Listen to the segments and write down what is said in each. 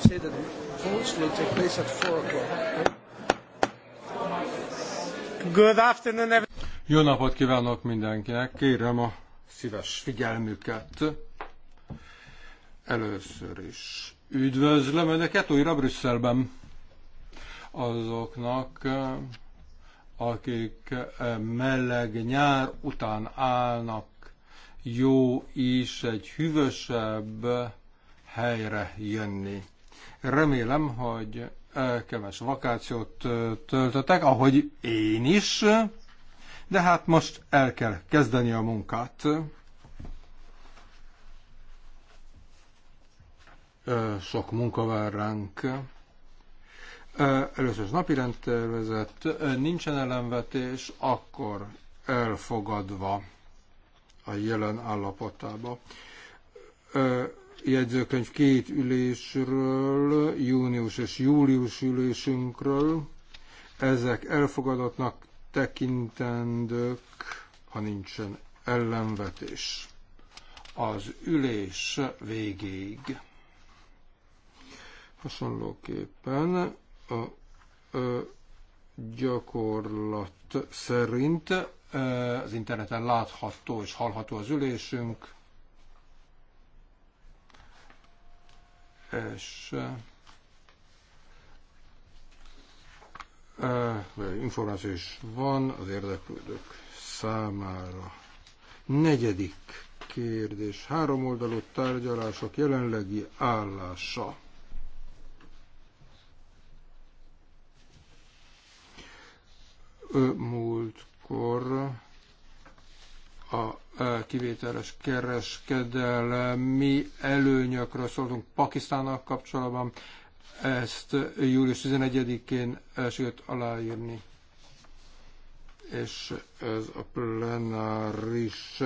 say that votes will take place at 4 o'clock. Good afternoon, everyone. Jó napot kívánok mindenkinek, kérem a szíves figyelmüket. Először is üdvözlöm Önöket újra Brüsszelben. Azoknak, eh, akik eh, meleg nyár után állnak, jó is egy hűvösebb helyre jönni. Remélem, hogy keves vakációt töltötek, ahogy én is, de hát most el kell kezdeni a munkát. Sok munka vár ránk. Először is napi rendtervezet, nincsen ellenvetés, akkor elfogadva a jelen állapotába jegyzőkönyv két ülésről, június és július ülésünkről. Ezek elfogadatnak tekintendők, ha nincsen ellenvetés. Az ülés végéig. Hasonlóképpen a, a gyakorlat szerint az interneten látható és hallható az ülésünk, és információ is van az érdeklődők számára. Negyedik kérdés. Három oldalú tárgyalások jelenlegi állása. Ö, múltkor a kivételes kereskedelmi előnyökről szóltunk Pakisztánnak kapcsolatban. Ezt július 11-én sikerült aláírni és ez a plenáris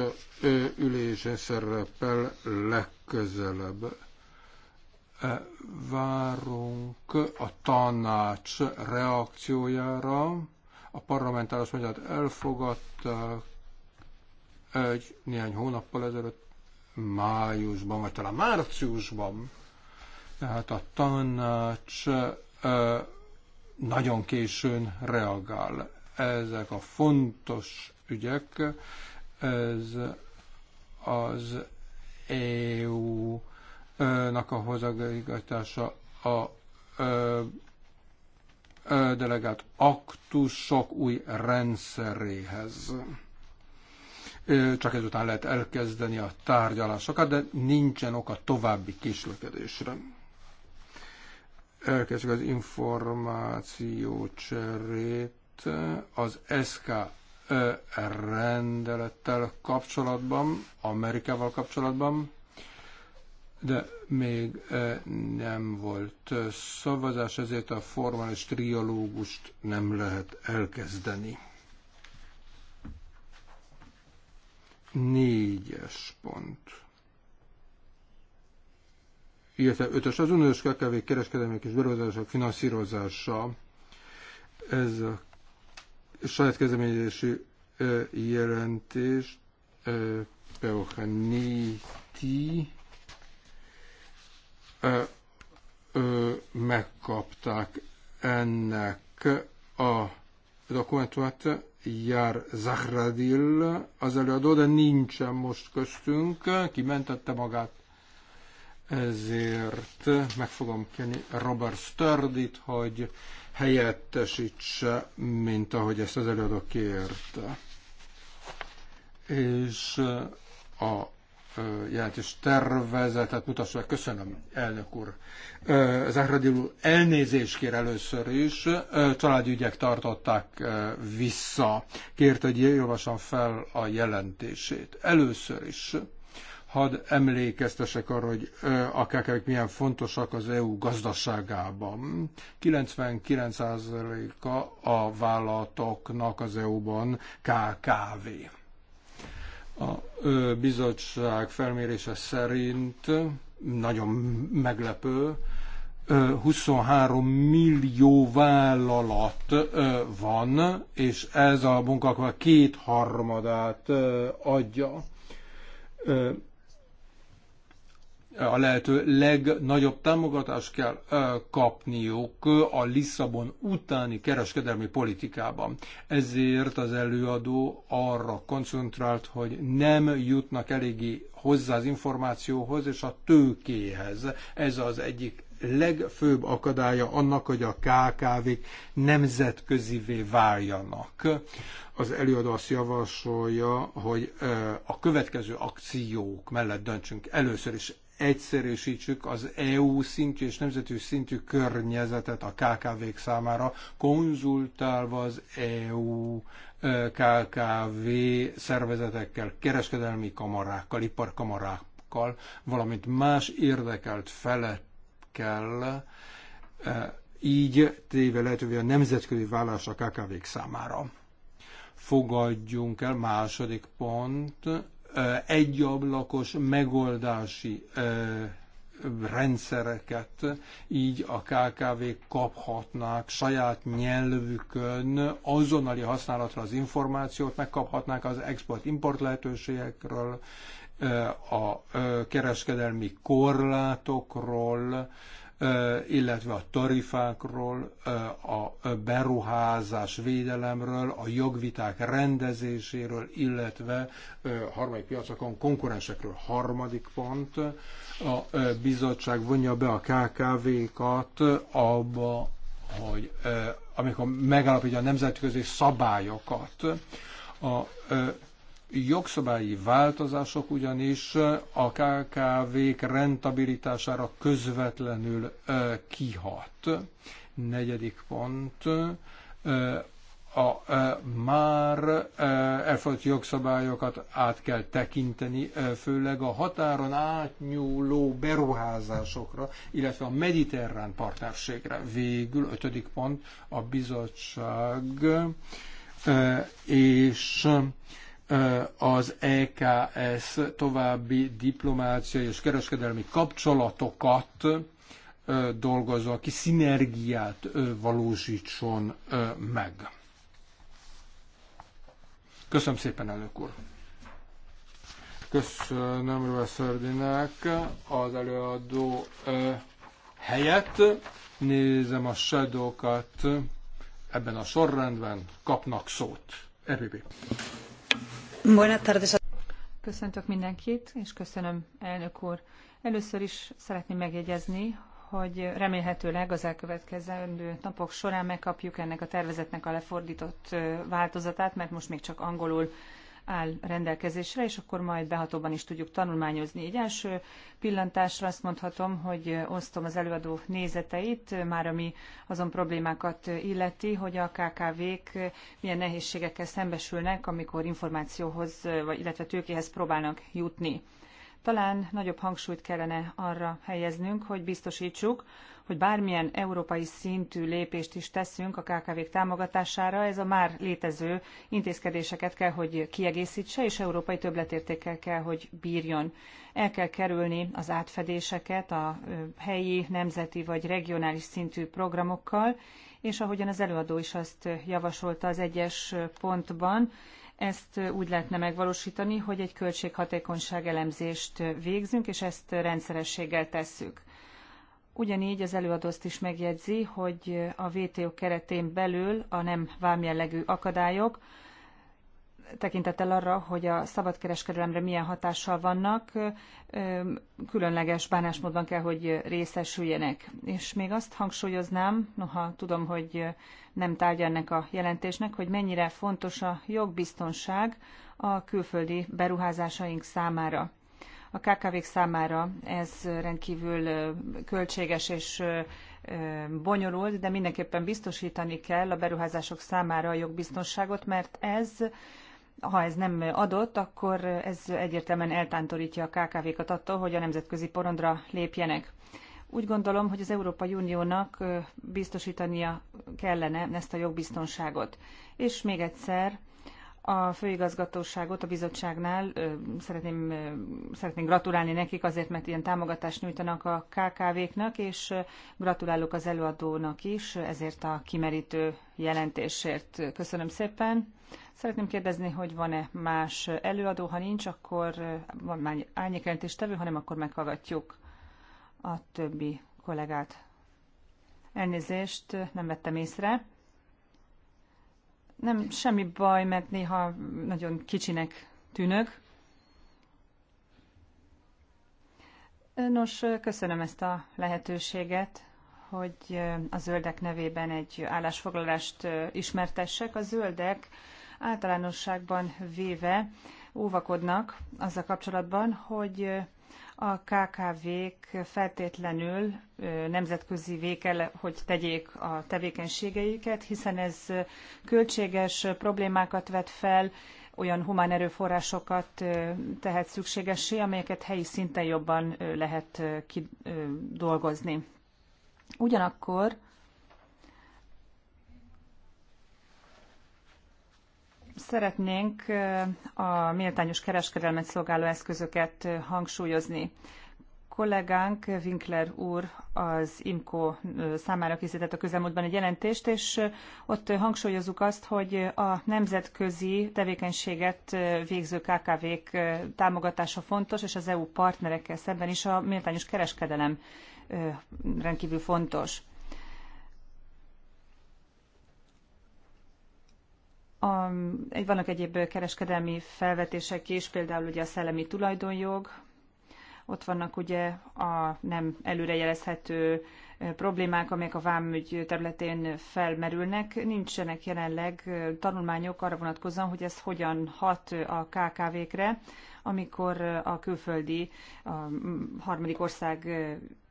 ülésen szerepel legközelebb. E, várunk a tanács reakciójára. A parlamentáros magyart elfogadták, egy néhány hónappal ezelőtt, májusban, vagy talán márciusban, tehát a tanács nagyon későn reagál. Ezek a fontos ügyek, ez az EU-nak a hozzáigazítása a delegált aktusok új rendszeréhez csak ezután lehet elkezdeni a tárgyalásokat, de nincsen oka további késlekedésre. Elkezdjük az információ cserét az SK rendelettel kapcsolatban, Amerikával kapcsolatban, de még nem volt szavazás, ezért a formális triológust nem lehet elkezdeni. négyes pont. Illetve ötös az uniós KKV kereskedelmek és beruházások finanszírozása. Ez a saját kezdeményezésű jelentést Peohanéti megkapták ennek a dokumentumát Jár Zahradil az előadó, de nincsen most köztünk, kimentette magát, ezért meg fogom kenni Robert Sturdit, hogy helyettesítse, mint ahogy ezt az előadó kérte. És a Jelentős tervezetet mutassa. Köszönöm, elnök úr. Az úr, elnézést kér először is. Családügyek tartották vissza. Kért, hogy javasan fel a jelentését. Először is hadd emlékeztesek arra, hogy a kkv milyen fontosak az EU gazdaságában. 99%-a a vállalatoknak az EU-ban KKV. A bizottság felmérése szerint nagyon meglepő, 23 millió vállalat van, és ez a munkakor kétharmadát adja a lehető legnagyobb támogatást kell kapniuk a Lisszabon utáni kereskedelmi politikában. Ezért az előadó arra koncentrált, hogy nem jutnak eléggé hozzá az információhoz és a tőkéhez. Ez az egyik legfőbb akadálya annak, hogy a KKV-k nemzetközivé váljanak. Az előadó azt javasolja, hogy a következő akciók mellett döntsünk először is egyszerűsítsük az EU szintű és nemzetű szintű környezetet a KKV-k számára, konzultálva az EU KKV szervezetekkel, kereskedelmi kamarákkal, iparkamarákkal, valamint más érdekelt felekkel, így téve lehetővé a nemzetközi vállás a KKV-k számára. Fogadjunk el, második pont, egyablakos megoldási rendszereket, így a kkv kaphatnák saját nyelvükön azonnali használatra az információt, megkaphatnák az export-import lehetőségekről, a kereskedelmi korlátokról, illetve a tarifákról, a beruházás védelemről, a jogviták rendezéséről, illetve harmadik piacokon konkurensekről. Harmadik pont, a bizottság vonja be a KKV-kat abba, hogy amikor megállapítja a nemzetközi szabályokat, a jogszabályi változások ugyanis a KKV-k rentabilitására közvetlenül kihat. Negyedik pont, a már elfogadott jogszabályokat át kell tekinteni, főleg a határon átnyúló beruházásokra, illetve a mediterrán partnerségre. Végül, ötödik pont, a bizottság és az EKS további diplomáciai és kereskedelmi kapcsolatokat dolgozva ki, szinergiát valósítson meg. Köszönöm szépen, elnök úr! Köszönöm Röveszördinek az előadó helyet. Nézem a shadow ebben a sorrendben, kapnak szót. RBB. Köszöntök mindenkit, és köszönöm, elnök úr. Először is szeretném megjegyezni, hogy remélhetőleg az elkövetkezendő napok során megkapjuk ennek a tervezetnek a lefordított változatát, mert most még csak angolul áll rendelkezésre, és akkor majd behatóban is tudjuk tanulmányozni. Egy első pillantásra azt mondhatom, hogy osztom az előadó nézeteit, már ami azon problémákat illeti, hogy a KKV-k milyen nehézségekkel szembesülnek, amikor információhoz, vagy illetve tőkéhez próbálnak jutni. Talán nagyobb hangsúlyt kellene arra helyeznünk, hogy biztosítsuk, hogy bármilyen európai szintű lépést is teszünk a KKV-k támogatására, ez a már létező intézkedéseket kell, hogy kiegészítse, és európai többletértékkel kell, hogy bírjon. El kell kerülni az átfedéseket a helyi, nemzeti vagy regionális szintű programokkal, és ahogyan az előadó is azt javasolta az egyes pontban, ezt úgy lehetne megvalósítani, hogy egy költséghatékonyság elemzést végzünk, és ezt rendszerességgel tesszük. Ugyanígy az előadó azt is megjegyzi, hogy a VTO keretén belül a nem vámjellegű akadályok, tekintettel arra, hogy a szabadkereskedelemre milyen hatással vannak, különleges bánásmódban kell, hogy részesüljenek. És még azt hangsúlyoznám, noha tudom, hogy nem tárgya ennek a jelentésnek, hogy mennyire fontos a jogbiztonság a külföldi beruházásaink számára. A KKV-k számára ez rendkívül költséges és bonyolult, de mindenképpen biztosítani kell a beruházások számára a jogbiztonságot, mert ez ha ez nem adott, akkor ez egyértelműen eltántorítja a KKV-kat attól, hogy a nemzetközi porondra lépjenek. Úgy gondolom, hogy az Európai Uniónak biztosítania kellene ezt a jogbiztonságot. És még egyszer, a főigazgatóságot a bizottságnál. Szeretném, szeretném gratulálni nekik azért, mert ilyen támogatást nyújtanak a KKV-knak, és gratulálok az előadónak is ezért a kimerítő jelentésért. Köszönöm szépen. Szeretném kérdezni, hogy van-e más előadó, ha nincs, akkor van már árnyékjelentéstevő, hanem akkor meghallgatjuk a többi kollégát. Elnézést, nem vettem észre. Nem semmi baj, mert néha nagyon kicsinek tűnök. Nos, köszönöm ezt a lehetőséget, hogy a zöldek nevében egy állásfoglalást ismertessek. A zöldek általánosságban véve óvakodnak azzal kapcsolatban, hogy a KKV-k feltétlenül nemzetközi kell, hogy tegyék a tevékenységeiket, hiszen ez költséges problémákat vet fel, olyan humán erőforrásokat tehet szükségessé, amelyeket helyi szinten jobban lehet kidolgozni. Ugyanakkor szeretnénk a méltányos kereskedelmet szolgáló eszközöket hangsúlyozni. Kollégánk Winkler úr az IMCO számára készített a közelmúltban egy jelentést, és ott hangsúlyozzuk azt, hogy a nemzetközi tevékenységet végző KKV-k támogatása fontos, és az EU partnerekkel szemben is a méltányos kereskedelem rendkívül fontos. A, vannak egyéb kereskedelmi felvetések is, például ugye a szellemi tulajdonjog, ott vannak ugye a nem előrejelezhető problémák, amelyek a vámügy területén felmerülnek. Nincsenek jelenleg tanulmányok arra vonatkozóan, hogy ez hogyan hat a KKV-kre, amikor a külföldi a harmadik ország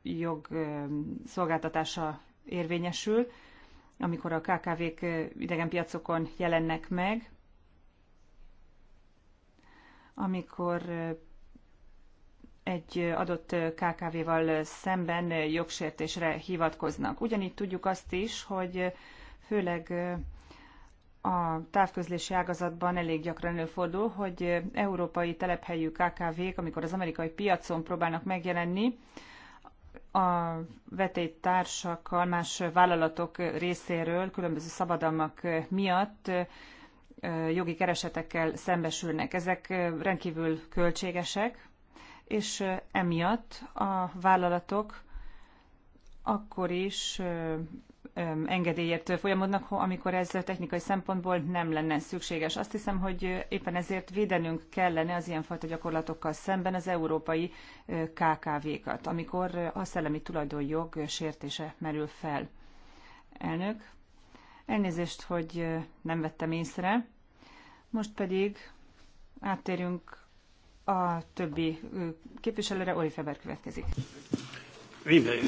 jog szolgáltatása érvényesül amikor a KKV-k idegenpiacokon jelennek meg, amikor egy adott KKV-val szemben jogsértésre hivatkoznak. Ugyanígy tudjuk azt is, hogy főleg a távközlési ágazatban elég gyakran előfordul, hogy európai telephelyű KKV-k, amikor az amerikai piacon próbálnak megjelenni, a vetélytársakkal, más vállalatok részéről különböző szabadalmak miatt jogi keresetekkel szembesülnek. Ezek rendkívül költségesek, és emiatt a vállalatok akkor is engedélyért folyamodnak, amikor ez technikai szempontból nem lenne szükséges. Azt hiszem, hogy éppen ezért védenünk kellene az ilyenfajta gyakorlatokkal szemben az európai KKV-kat, amikor a szellemi tulajdonjog sértése merül fel. Elnök, elnézést, hogy nem vettem észre. Most pedig áttérünk a többi képviselőre, Oli Feber következik. Oui, mais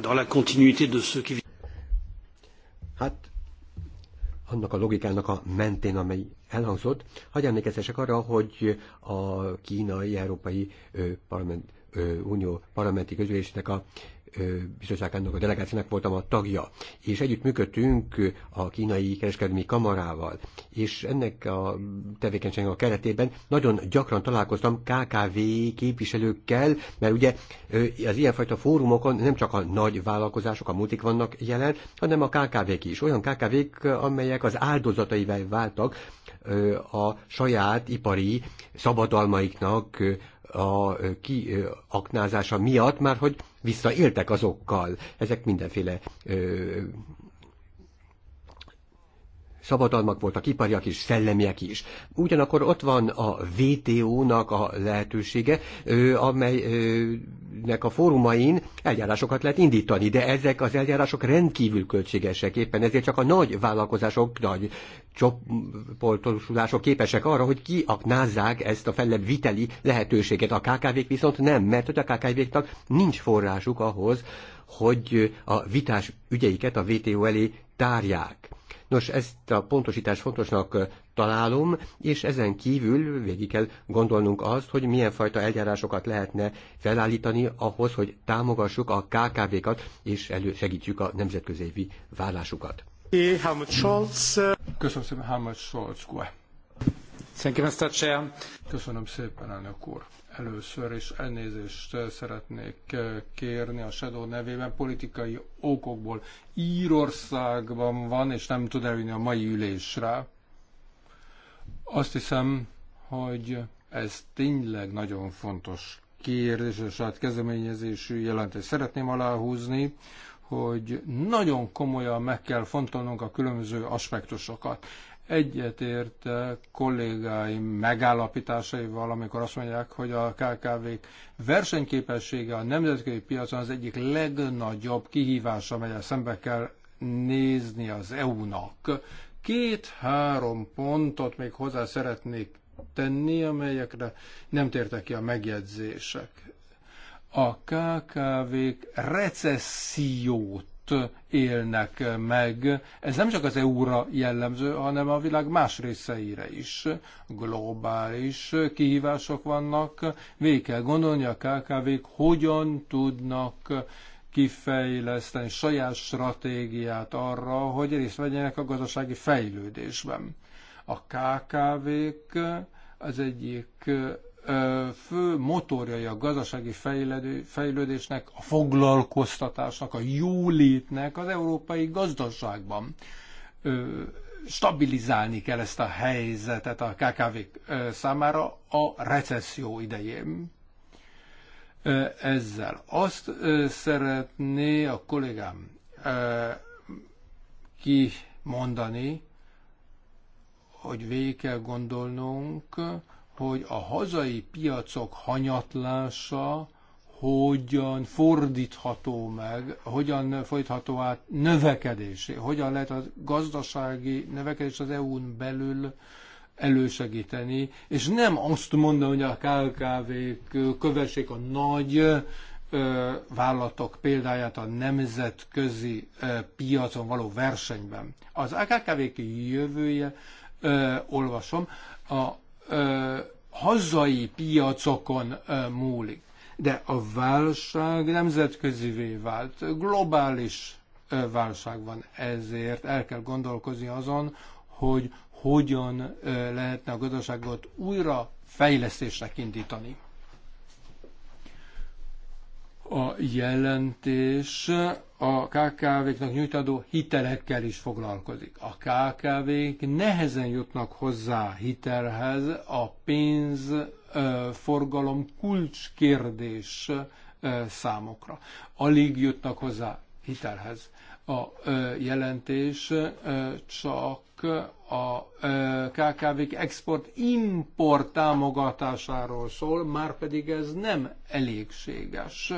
dans la continuité de ceux qui Hát annak a logikának a mentén, amely elhangzott, hagyj emlékeztesek arra, hogy a kínai-európai parlament, ö, unió parlamenti közülésének a bizottságának, a delegációnak voltam a tagja, és együtt működtünk a kínai kereskedelmi kamarával, és ennek a tevékenységnek a keretében nagyon gyakran találkoztam KKV képviselőkkel, mert ugye az ilyenfajta fórumokon nem csak a nagy vállalkozások, a multik vannak jelen, hanem a KKV-k is. Olyan KKV-k, amelyek az áldozataival váltak a saját ipari szabadalmaiknak, a kiaknázása miatt, már hogy visszaéltek azokkal. Ezek mindenféle szabadalmak voltak, ipariak is, szellemiek is. Ugyanakkor ott van a VTO-nak a lehetősége, amelynek a fórumain eljárásokat lehet indítani, de ezek az eljárások rendkívül költségesek éppen, ezért csak a nagy vállalkozások, nagy csoportosulások képesek arra, hogy kiaknázzák ezt a fellebb viteli lehetőséget. A KKV-k viszont nem, mert hogy a KKV-knak nincs forrásuk ahhoz, hogy a vitás ügyeiket a VTO elé tárják. Nos, ezt a pontosítást fontosnak találom, és ezen kívül végig kell gondolnunk azt, hogy milyen fajta eljárásokat lehetne felállítani ahhoz, hogy támogassuk a KKV-kat, és elősegítjük a nemzetközévi vállásukat. Köszönöm szépen, Helmut Scholz. Köszönöm szépen, elnök úr. Először is elnézést eh, szeretnék eh, kérni a Shadow nevében. Politikai okokból Írországban van, és nem tud elvinni a mai ülésre. Azt hiszem, hogy ez tényleg nagyon fontos kérdés, és hát kezdeményezésű jelentés. Szeretném aláhúzni, hogy nagyon komolyan meg kell fontolnunk a különböző aspektusokat egyetért kollégáim megállapításaival, amikor azt mondják, hogy a KKV-k versenyképessége a nemzetközi piacon az egyik legnagyobb kihívás, amelyet szembe kell nézni az EU-nak. Két-három pontot még hozzá szeretnék tenni, amelyekre nem tértek ki a megjegyzések. A KKV-k recessziót élnek meg. Ez nem csak az EU-ra jellemző, hanem a világ más részeire is. Globális kihívások vannak. Végig kell gondolni a KKV-k, hogyan tudnak kifejleszteni saját stratégiát arra, hogy részt vegyenek a gazdasági fejlődésben. A KKV-k az egyik fő motorjai a gazdasági fejlődésnek, a foglalkoztatásnak, a jólétnek az európai gazdaságban. Stabilizálni kell ezt a helyzetet a kkv számára a recesszió idején. Ezzel azt szeretné a kollégám kimondani, hogy végig kell gondolnunk, hogy a hazai piacok hanyatlása hogyan fordítható meg, hogyan folytható át növekedésé, hogyan lehet a gazdasági növekedés az EU-n belül elősegíteni, és nem azt mondani, hogy a KKV-k kövessék a nagy vállalatok példáját a nemzetközi piacon való versenyben. Az AKKV-k jövője, olvasom, a hazai piacokon múlik. De a válság nemzetközivé vált, globális válság van, ezért el kell gondolkozni azon, hogy hogyan lehetne a gazdaságot újra fejlesztésnek indítani. A jelentés a KKV-knak nyújtadó hitelekkel is foglalkozik. A KKV-k nehezen jutnak hozzá hitelhez, a pénz forgalom kulcskérdés számokra. Alig jutnak hozzá hitelhez. A jelentés csak a KKV-k export-import támogatásáról szól, már pedig ez nem elégséges.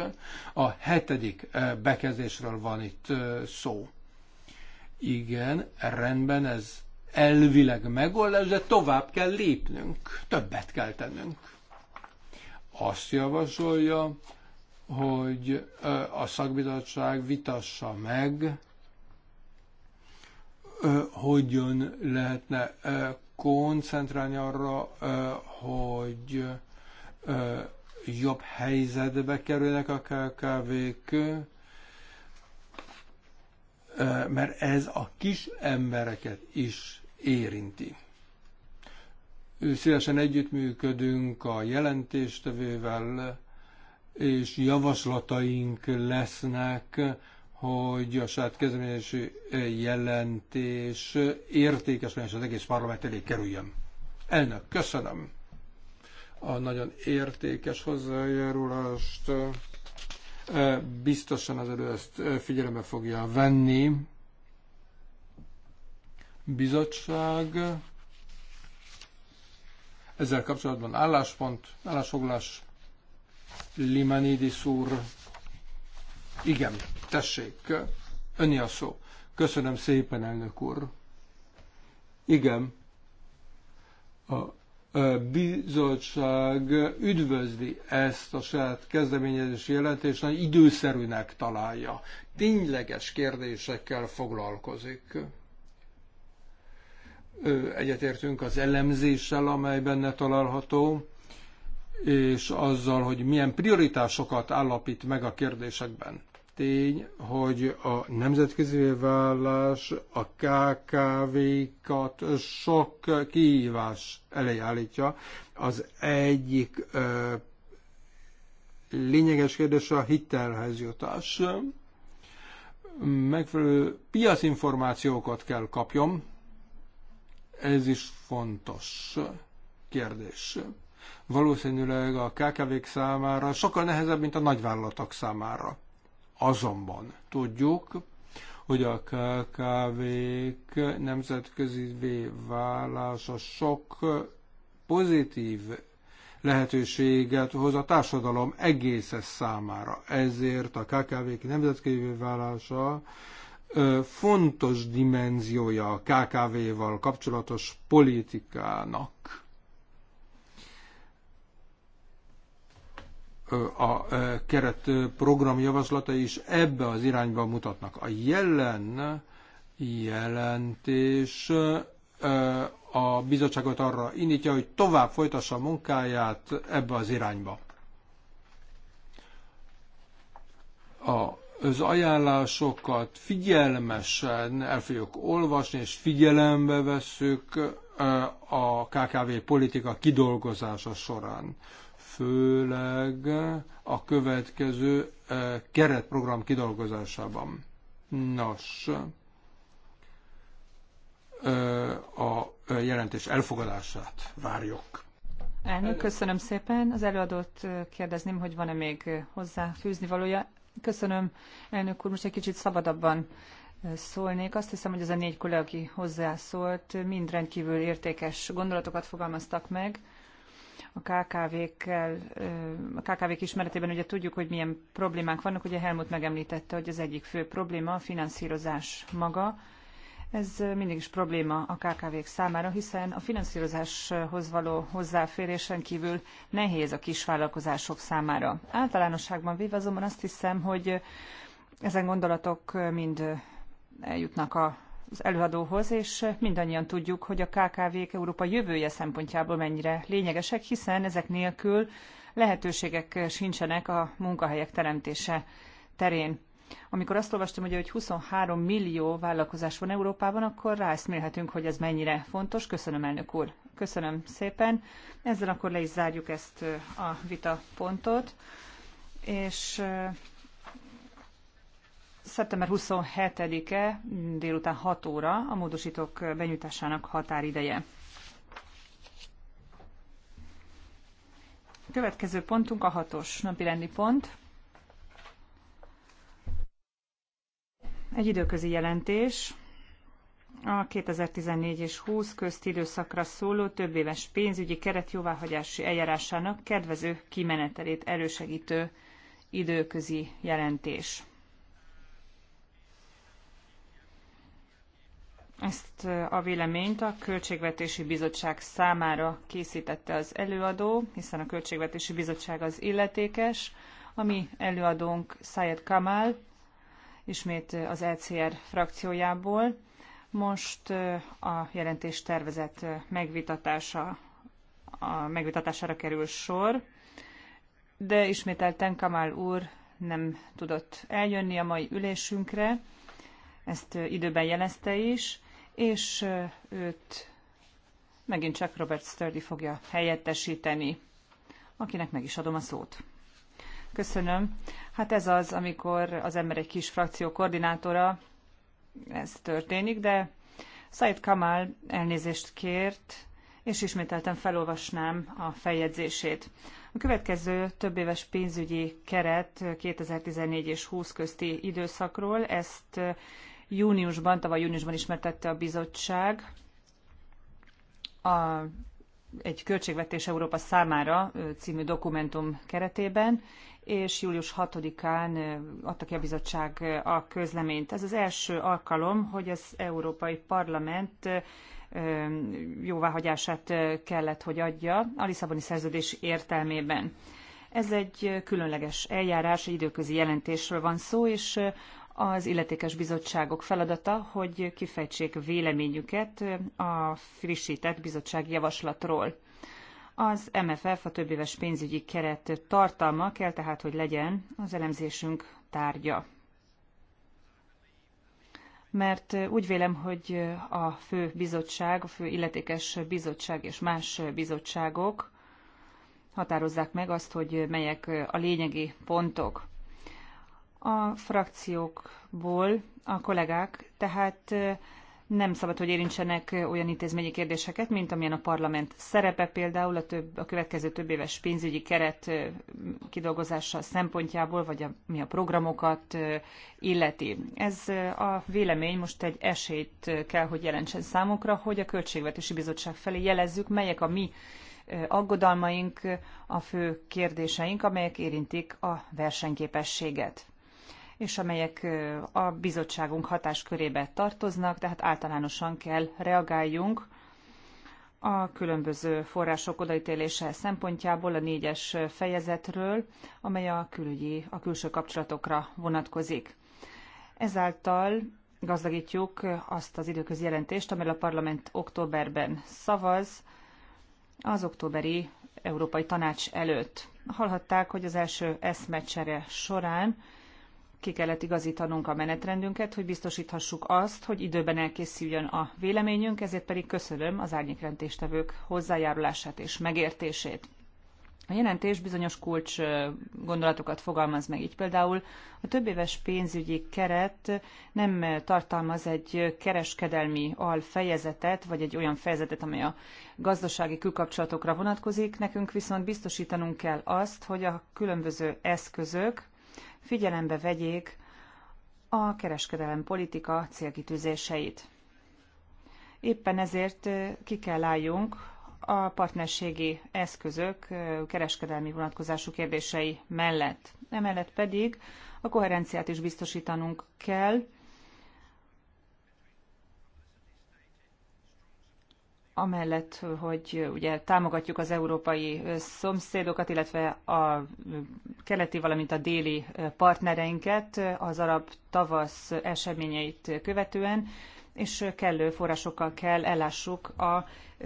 A hetedik bekezdésről van itt szó. Igen, rendben, ez elvileg megoldás, de tovább kell lépnünk, többet kell tennünk. Azt javasolja, hogy a szakbizottság vitassa meg hogyan lehetne koncentrálni arra, hogy jobb helyzetbe kerülnek a KKV-k, mert ez a kis embereket is érinti. Szívesen együttműködünk a jelentéstevővel, és javaslataink lesznek hogy a saját kezdeményezési jelentés értékes és az egész parlament elé kerüljön. Elnök, köszönöm a nagyon értékes hozzájárulást. Biztosan az elő ezt figyelembe fogja venni. Bizottság. Ezzel kapcsolatban álláspont, állásfoglás Limanidis úr igen, tessék, önni a szó. Köszönöm szépen, elnök úr. Igen, a bizottság üdvözli ezt a saját kezdeményezési jelentést, nagyon időszerűnek találja. Tényleges kérdésekkel foglalkozik. Egyetértünk az elemzéssel, amely benne található, és azzal, hogy milyen prioritásokat állapít meg a kérdésekben tény, hogy a nemzetközi vállás a KKV-kat sok kihívás elé állítja. Az egyik ö, lényeges kérdés a hitelhez jutás. Megfelelő piacinformációkat kell kapjon. Ez is fontos kérdés. Valószínűleg a KKV-k számára sokkal nehezebb, mint a nagyvállalatok számára Azonban tudjuk, hogy a KKV-k nemzetközi válása sok pozitív lehetőséget hoz a társadalom egész számára. Ezért a KKV-k nemzetközi válása fontos dimenziója a KKV-val kapcsolatos politikának a e, keret e, programjavaslata javaslatai is ebbe az irányba mutatnak. A jelen jelentés e, a bizottságot arra indítja, hogy tovább folytassa a munkáját ebbe az irányba. A az ajánlásokat figyelmesen el fogjuk olvasni, és figyelembe vesszük a KKV politika kidolgozása során főleg a következő eh, keretprogram kidolgozásában. Nos, eh, a jelentés elfogadását várjuk. Elnök, köszönöm szépen. Az előadót eh, kérdezném, hogy van-e még fűzni valója. Köszönöm, elnök úr, most egy kicsit szabadabban szólnék. Azt hiszem, hogy az a négy kollégi hozzászólt, mind rendkívül értékes gondolatokat fogalmaztak meg a KKV-kkel, a KKV-k ismeretében ugye tudjuk, hogy milyen problémák vannak. Ugye Helmut megemlítette, hogy az egyik fő probléma a finanszírozás maga. Ez mindig is probléma a KKV-k számára, hiszen a finanszírozáshoz való hozzáférésen kívül nehéz a kisvállalkozások számára. Általánosságban véve azonban azt hiszem, hogy ezen gondolatok mind eljutnak a az előadóhoz, és mindannyian tudjuk, hogy a KKV-k Európa jövője szempontjából mennyire lényegesek, hiszen ezek nélkül lehetőségek sincsenek a munkahelyek teremtése terén. Amikor azt olvastam, ugye, hogy 23 millió vállalkozás van Európában, akkor ráeszmélhetünk, hogy ez mennyire fontos. Köszönöm, elnök úr. Köszönöm szépen. Ezzel akkor le is zárjuk ezt a vita pontot, és szeptember 27-e délután 6 óra a módosítók benyújtásának határideje. Következő pontunk a hatos napirendi pont. Egy időközi jelentés a 2014 és 20 közti időszakra szóló több éves pénzügyi keret jóváhagyási eljárásának kedvező kimenetelét elősegítő időközi jelentés. Ezt a véleményt a Költségvetési Bizottság számára készítette az előadó, hiszen a Költségvetési Bizottság az illetékes, ami előadónk Sayed Kamal, ismét az LCR e frakciójából. Most a jelentés tervezett megvitatása, a megvitatására kerül sor, de ismételten Kamal úr nem tudott eljönni a mai ülésünkre, ezt időben jelezte is, és őt megint csak Robert Sturdy fogja helyettesíteni, akinek meg is adom a szót. Köszönöm. Hát ez az, amikor az ember egy kis frakció koordinátora, ez történik, de Said Kamal elnézést kért, és ismételten felolvasnám a feljegyzését. A következő több éves pénzügyi keret 2014 és 20 közti időszakról ezt júniusban, tavaly júniusban ismertette a bizottság a, egy költségvetés Európa számára című dokumentum keretében, és július 6-án adta ki a bizottság a közleményt. Ez az első alkalom, hogy az Európai Parlament jóváhagyását kellett, hogy adja a Lisszaboni szerződés értelmében. Ez egy különleges eljárás, egy időközi jelentésről van szó, és az illetékes bizottságok feladata, hogy kifejtsék véleményüket a frissített bizottság javaslatról. Az MFF, a többéves pénzügyi keret tartalma kell tehát, hogy legyen az elemzésünk tárgya. Mert úgy vélem, hogy a fő bizottság, a fő illetékes bizottság és más bizottságok határozzák meg azt, hogy melyek a lényegi pontok a frakciókból a kollégák, tehát nem szabad, hogy érintsenek olyan intézményi kérdéseket, mint amilyen a parlament szerepe például a, több, a következő több éves pénzügyi keret kidolgozása szempontjából, vagy a, mi a programokat illeti. Ez a vélemény most egy esélyt kell, hogy jelentsen számokra, hogy a Költségvetési Bizottság felé jelezzük, melyek a mi aggodalmaink, a fő kérdéseink, amelyek érintik a versenyképességet és amelyek a bizottságunk hatáskörébe tartoznak, tehát általánosan kell reagáljunk a különböző források odaítélése szempontjából a négyes fejezetről, amely a külügyi, a külső kapcsolatokra vonatkozik. Ezáltal gazdagítjuk azt az időközi jelentést, amely a parlament októberben szavaz, az októberi Európai Tanács előtt. Hallhatták, hogy az első eszmecsere során ki kellett igazítanunk a menetrendünket, hogy biztosíthassuk azt, hogy időben elkészüljön a véleményünk, ezért pedig köszönöm az árnyékrendtéstevők hozzájárulását és megértését. A jelentés bizonyos kulcs gondolatokat fogalmaz meg, így például a éves pénzügyi keret nem tartalmaz egy kereskedelmi alfejezetet, vagy egy olyan fejezetet, amely a gazdasági külkapcsolatokra vonatkozik, nekünk viszont biztosítanunk kell azt, hogy a különböző eszközök, figyelembe vegyék a kereskedelem politika célkitűzéseit. Éppen ezért ki kell álljunk a partnerségi eszközök kereskedelmi vonatkozású kérdései mellett. Emellett pedig a koherenciát is biztosítanunk kell, amellett, hogy ugye támogatjuk az európai szomszédokat, illetve a keleti, valamint a déli partnereinket az arab tavasz eseményeit követően, és kellő forrásokkal kell ellássuk a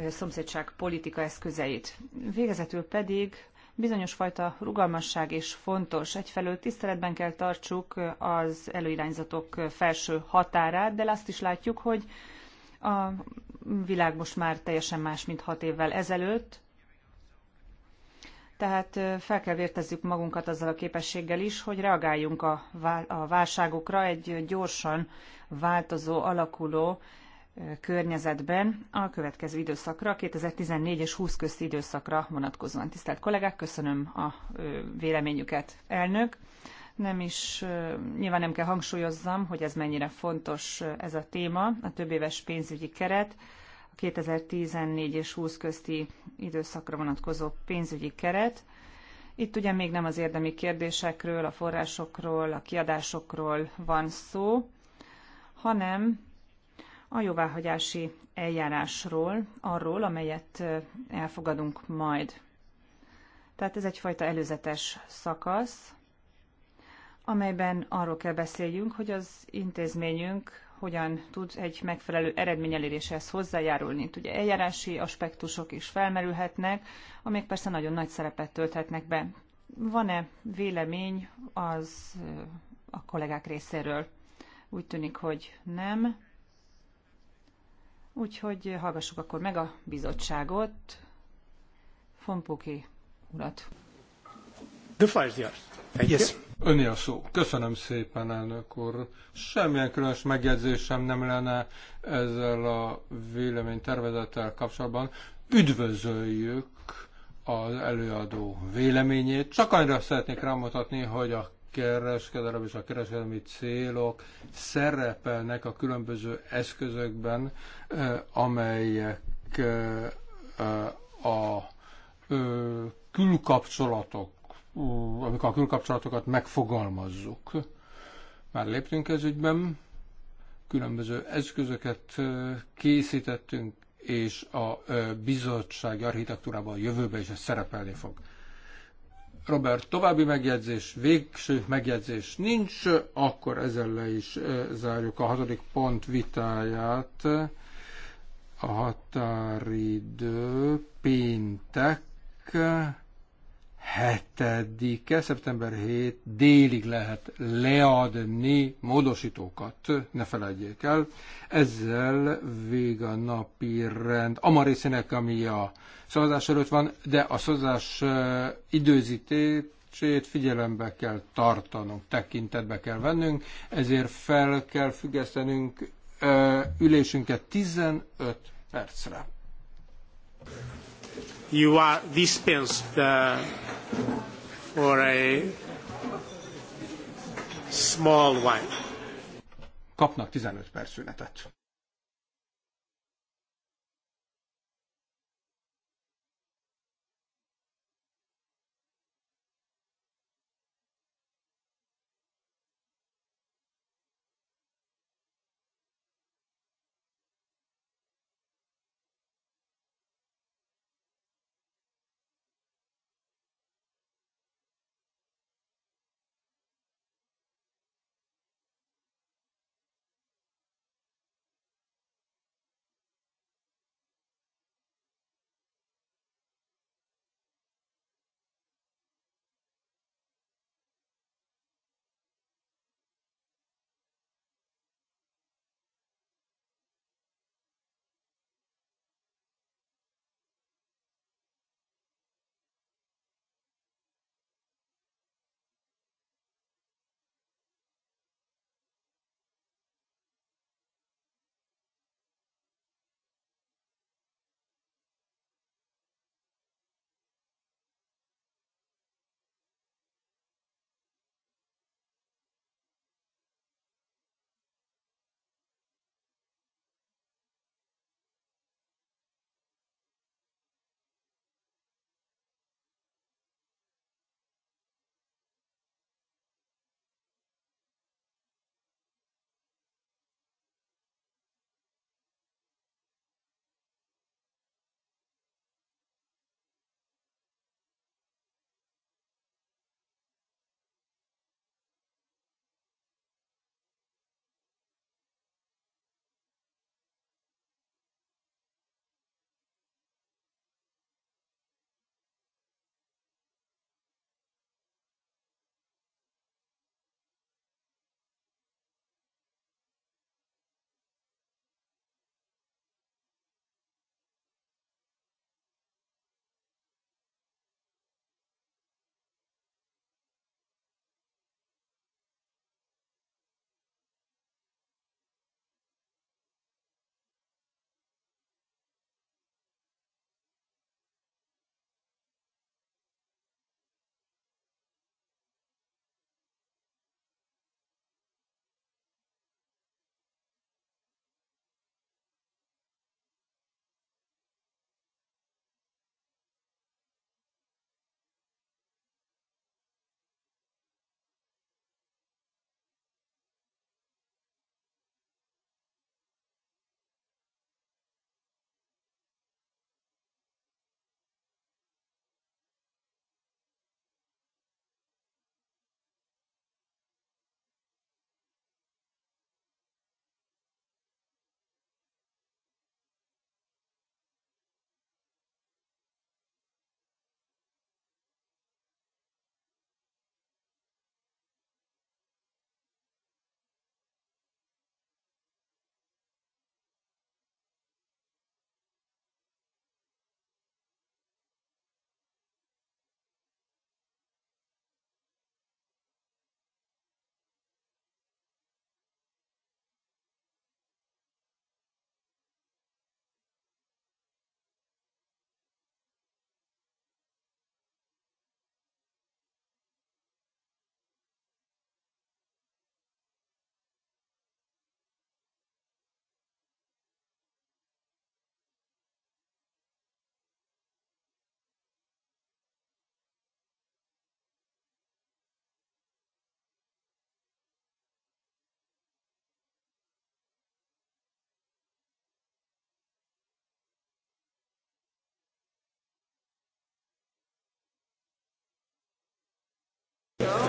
szomszédság politika eszközeit. Végezetül pedig bizonyos fajta rugalmasság is fontos. Egyfelől tiszteletben kell tartsuk az előirányzatok felső határát, de azt is látjuk, hogy a világ most már teljesen más, mint hat évvel ezelőtt, tehát fel kell vértezzük magunkat azzal a képességgel is, hogy reagáljunk a, válságokra egy gyorsan változó, alakuló környezetben a következő időszakra, 2014 és 20 közti időszakra vonatkozóan. Tisztelt kollégák, köszönöm a véleményüket, elnök nem is, nyilván nem kell hangsúlyozzam, hogy ez mennyire fontos ez a téma, a több éves pénzügyi keret, a 2014 és 20 közti időszakra vonatkozó pénzügyi keret. Itt ugye még nem az érdemi kérdésekről, a forrásokról, a kiadásokról van szó, hanem a jóváhagyási eljárásról, arról, amelyet elfogadunk majd. Tehát ez egyfajta előzetes szakasz, amelyben arról kell beszéljünk, hogy az intézményünk hogyan tud egy megfelelő eredmény eléréshez hozzájárulni. ugye eljárási aspektusok is felmerülhetnek, amik persze nagyon nagy szerepet tölthetnek be. Van-e vélemény az a kollégák részéről? Úgy tűnik, hogy nem. Úgyhogy hallgassuk akkor meg a bizottságot. Fompuki urat. The fire is yours. Yes. Öné a szó. Köszönöm szépen, elnök úr. Semmilyen különös megjegyzésem nem lenne ezzel a véleménytervezettel kapcsolatban. Üdvözöljük az előadó véleményét. Csak annyira szeretnék rámutatni, hogy a kereskedelem és a kereskedelmi célok szerepelnek a különböző eszközökben, eh, amelyek eh, eh, a külkapcsolatok amikor a külkapcsolatokat megfogalmazzuk. Már léptünk ez ügyben, különböző eszközöket készítettünk, és a bizottság architektúrában a jövőben is ez szerepelni fog. Robert, további megjegyzés, végső megjegyzés nincs, akkor ezzel le is zárjuk a hatodik pont vitáját. A határidő péntek 7-e, szeptember 7 délig lehet leadni módosítókat, ne felejtjék el. Ezzel vég a napi rend. a részének, ami a szavazás előtt van, de a szavazás időzítését figyelembe kell tartanunk, tekintetbe kell vennünk, ezért fel kell függesztenünk ülésünket 15 percre you are dispensed uh, for a small one. Kapnak 15 perc szünetet.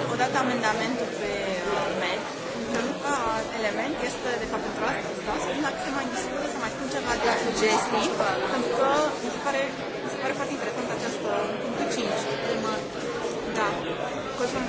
Ho dat amendament pe uh, mail, pentru uh, că element este, de fapt, pentru asta, să dacă se mai discută, să mai spun ceva de la sugestii, pentru că mi se pare, mi se pare foarte interesant această punctul 5. Uh, da. Cosmul,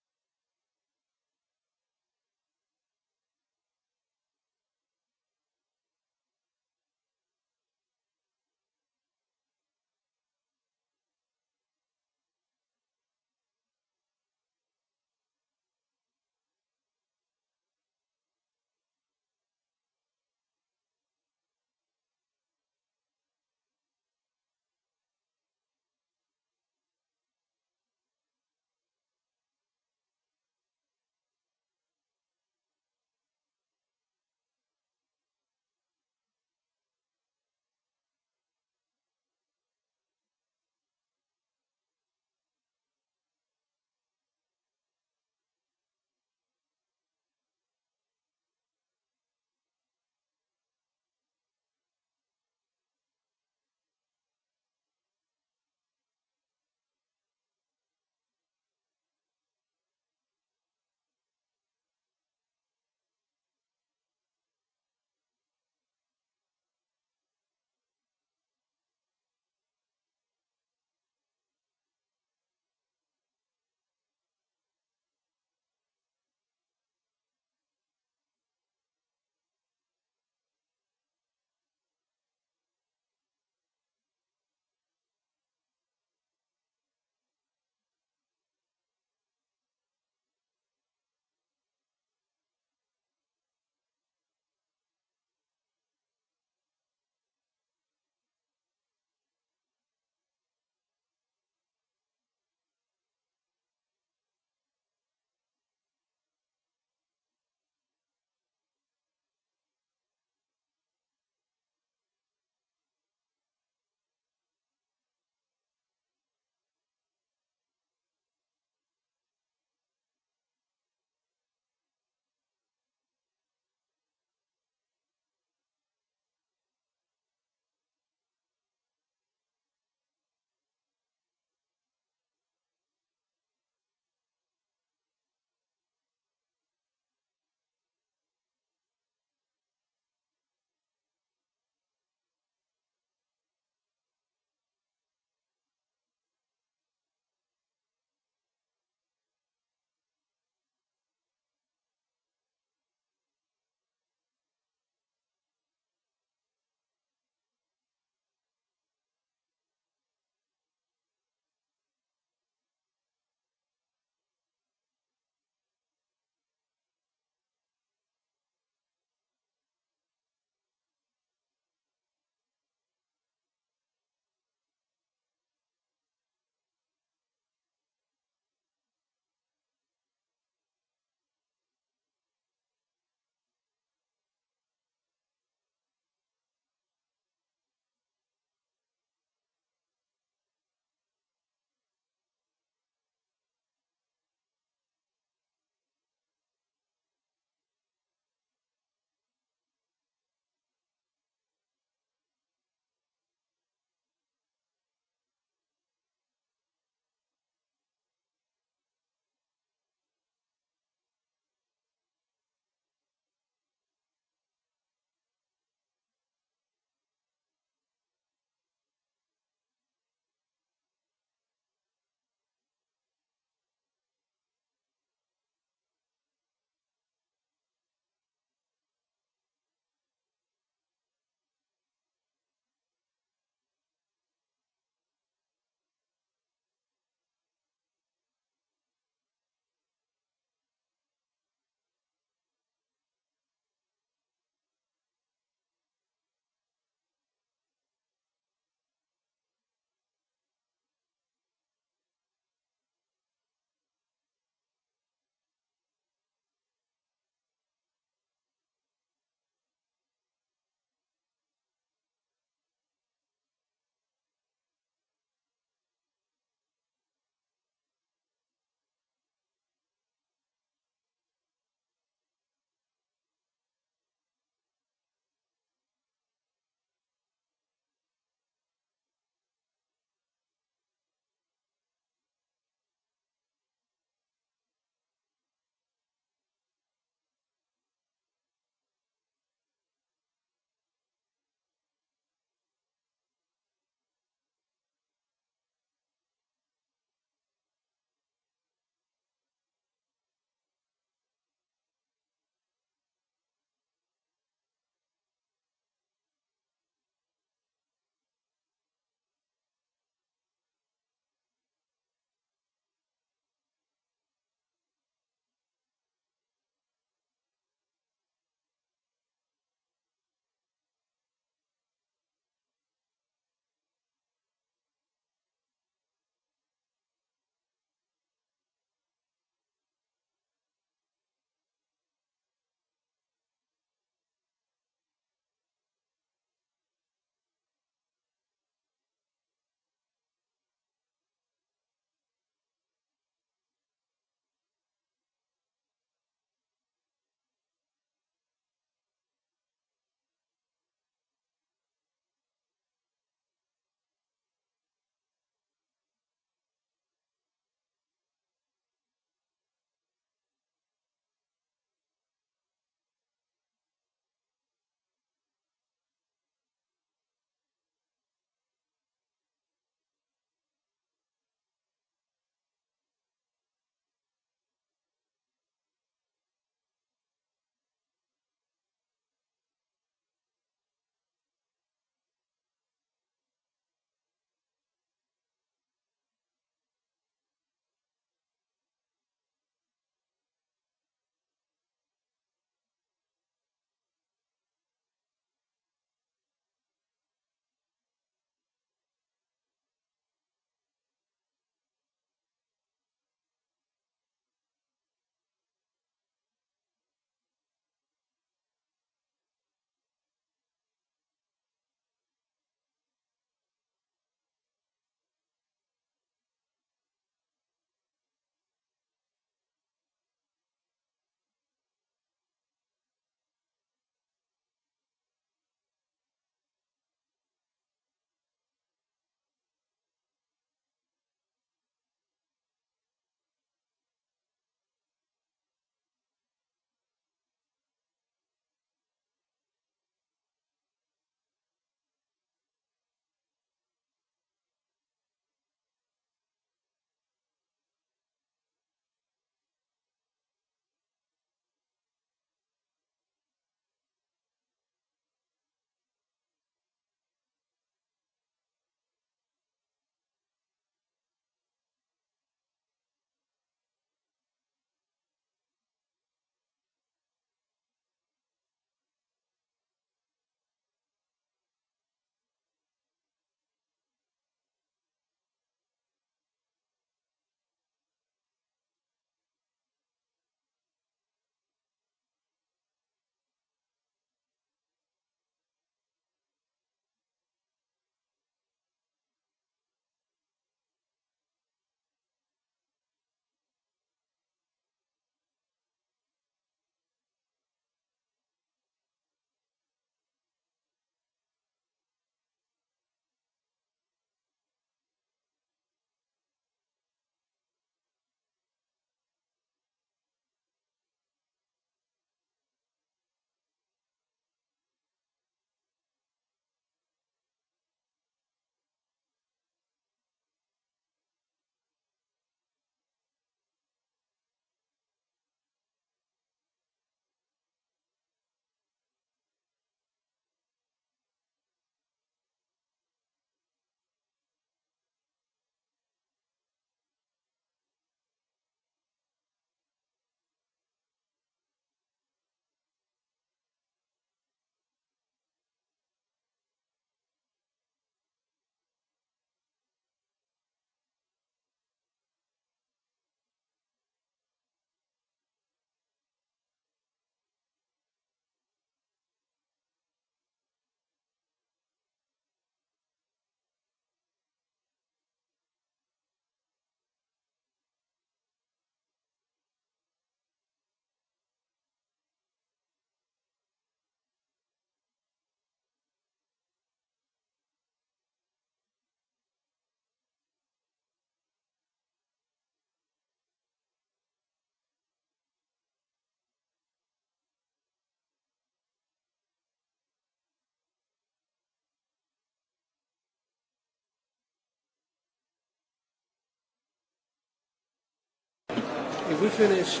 we finish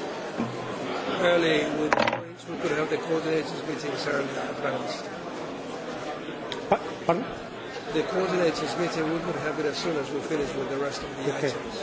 early we, we could have the coordinators' meetings early in advance. Pardon? The coordinators' meeting, we could have it as soon as we finish with the rest of the okay. items.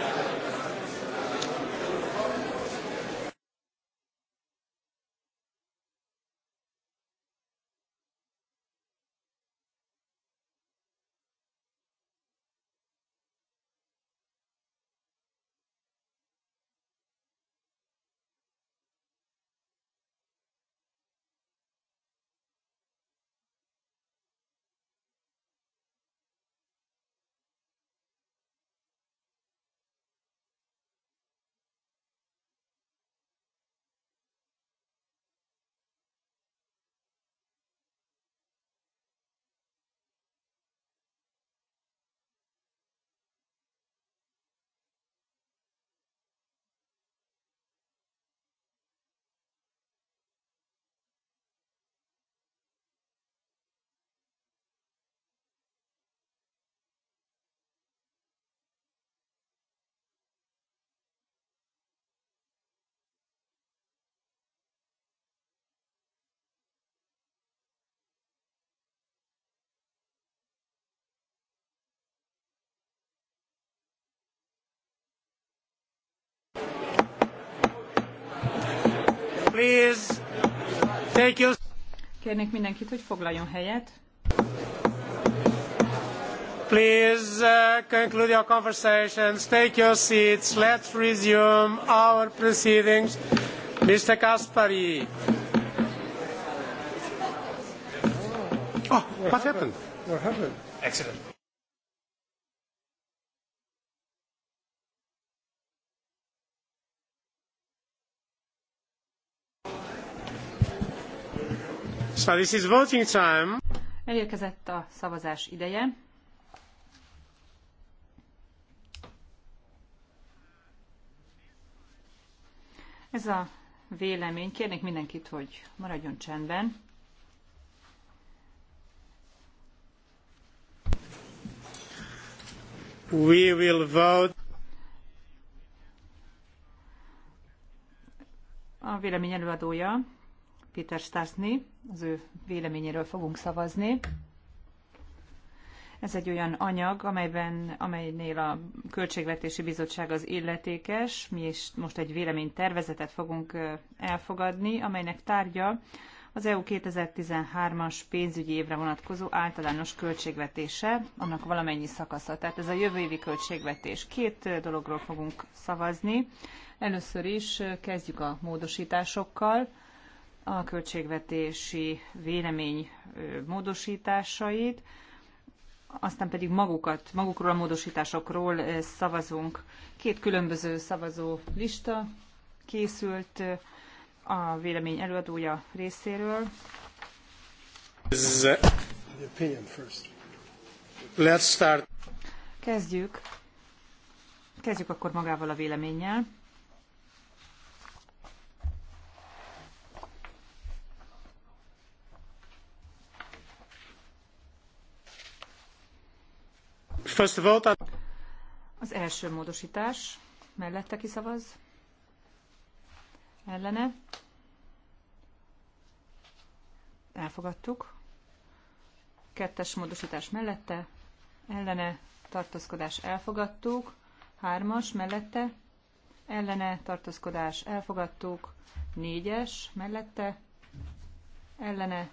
please Kérnék mindenkit, hogy foglaljon helyet. Please uh, conclude your conversations, take your seats, let's resume our proceedings. Mr. Kaspari. Oh, what happened? What happened? Excellent. So this is voting time. Elérkezett a szavazás ideje. Ez a vélemény. Kérnék mindenkit, hogy maradjon csendben. We will vote. A vélemény előadója Peter Stasny az ő véleményéről fogunk szavazni. Ez egy olyan anyag, amelyben, amelynél a Költségvetési Bizottság az illetékes, mi is most egy véleménytervezetet fogunk elfogadni, amelynek tárgya az EU 2013-as pénzügyi évre vonatkozó általános költségvetése, annak valamennyi szakasza. Tehát ez a jövő évi költségvetés. Két dologról fogunk szavazni. Először is kezdjük a módosításokkal a költségvetési vélemény módosításait, aztán pedig magukat, magukról a módosításokról szavazunk. Két különböző szavazó lista készült a vélemény előadója részéről. Kezdjük. Kezdjük akkor magával a véleménnyel. Az első módosítás. Mellette kiszavaz. Ellene. Elfogadtuk. Kettes módosítás mellette. Ellene. Tartózkodás elfogadtuk. Hármas mellette. Ellene. Tartózkodás elfogadtuk. Négyes mellette. Ellene.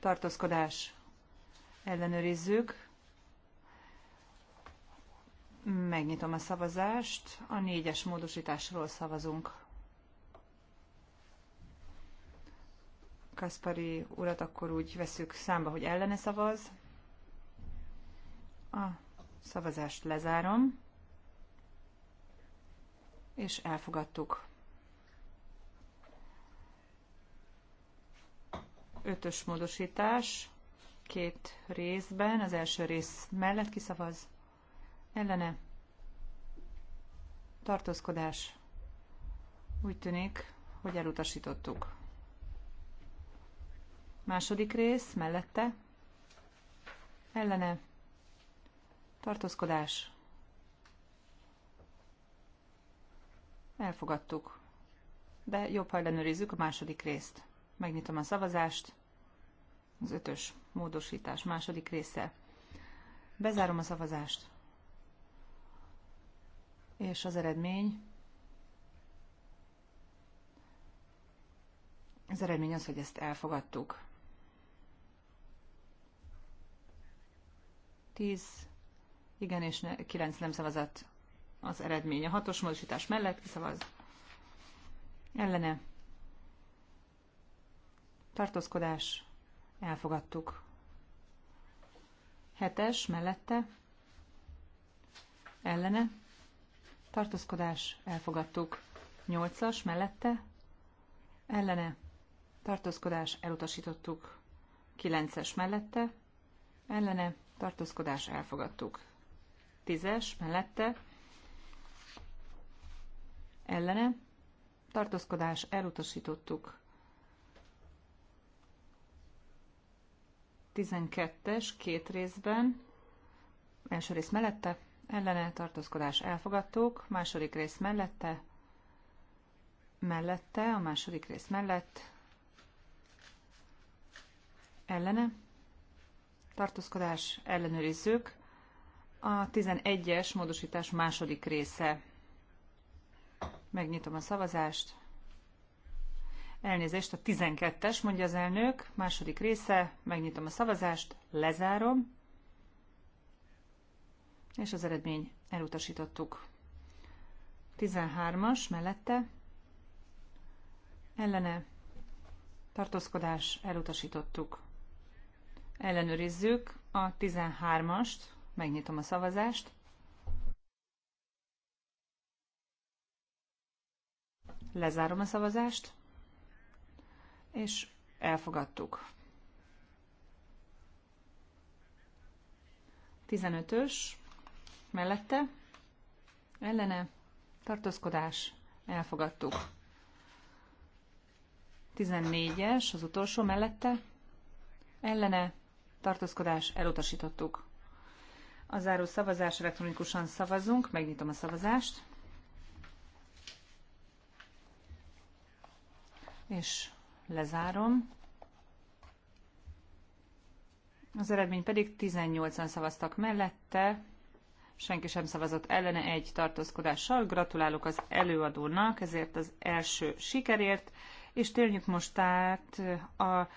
Tartózkodás ellenőrizzük. Megnyitom a szavazást. A négyes módosításról szavazunk. Kaspari urat akkor úgy veszük számba, hogy ellene szavaz. A szavazást lezárom. És elfogadtuk. Ötös módosítás két részben. Az első rész mellett kiszavaz ellene tartózkodás úgy tűnik, hogy elutasítottuk. Második rész mellette ellene tartózkodás elfogadtuk, de jobb, ha ellenőrizzük a második részt. Megnyitom a szavazást, az ötös módosítás második része. Bezárom a szavazást és az eredmény az eredmény az, hogy ezt elfogadtuk. 10 igen és 9 nem szavazat az eredmény. A hatos módosítás mellett kiszavaz. Ellene. Tartózkodás. Elfogadtuk. Hetes mellette. Ellene tartózkodás, elfogadtuk. 8-as mellette, ellene, tartózkodás, elutasítottuk. 9-es mellette, ellene, tartózkodás, elfogadtuk. 10-es mellette, ellene, tartózkodás, elutasítottuk. 12-es, két részben, első rész mellette, ellene tartózkodás elfogadtuk, második rész mellette, mellette, a második rész mellett, ellene, tartózkodás ellenőrizzük, a 11-es módosítás második része. Megnyitom a szavazást. Elnézést, a 12-es, mondja az elnök, második része, megnyitom a szavazást, lezárom és az eredmény elutasítottuk. 13-as mellette ellene tartózkodás elutasítottuk. Ellenőrizzük a 13-ast, megnyitom a szavazást. Lezárom a szavazást, és elfogadtuk. 15-ös mellette, ellene, tartózkodás, elfogadtuk. 14-es, az utolsó mellette, ellene, tartózkodás, elutasítottuk. A záró szavazás elektronikusan szavazunk, megnyitom a szavazást. És lezárom. Az eredmény pedig 18-an szavaztak mellette, senki sem szavazott ellene egy tartózkodással. Gratulálok az előadónak ezért az első sikerért, és térjük most át a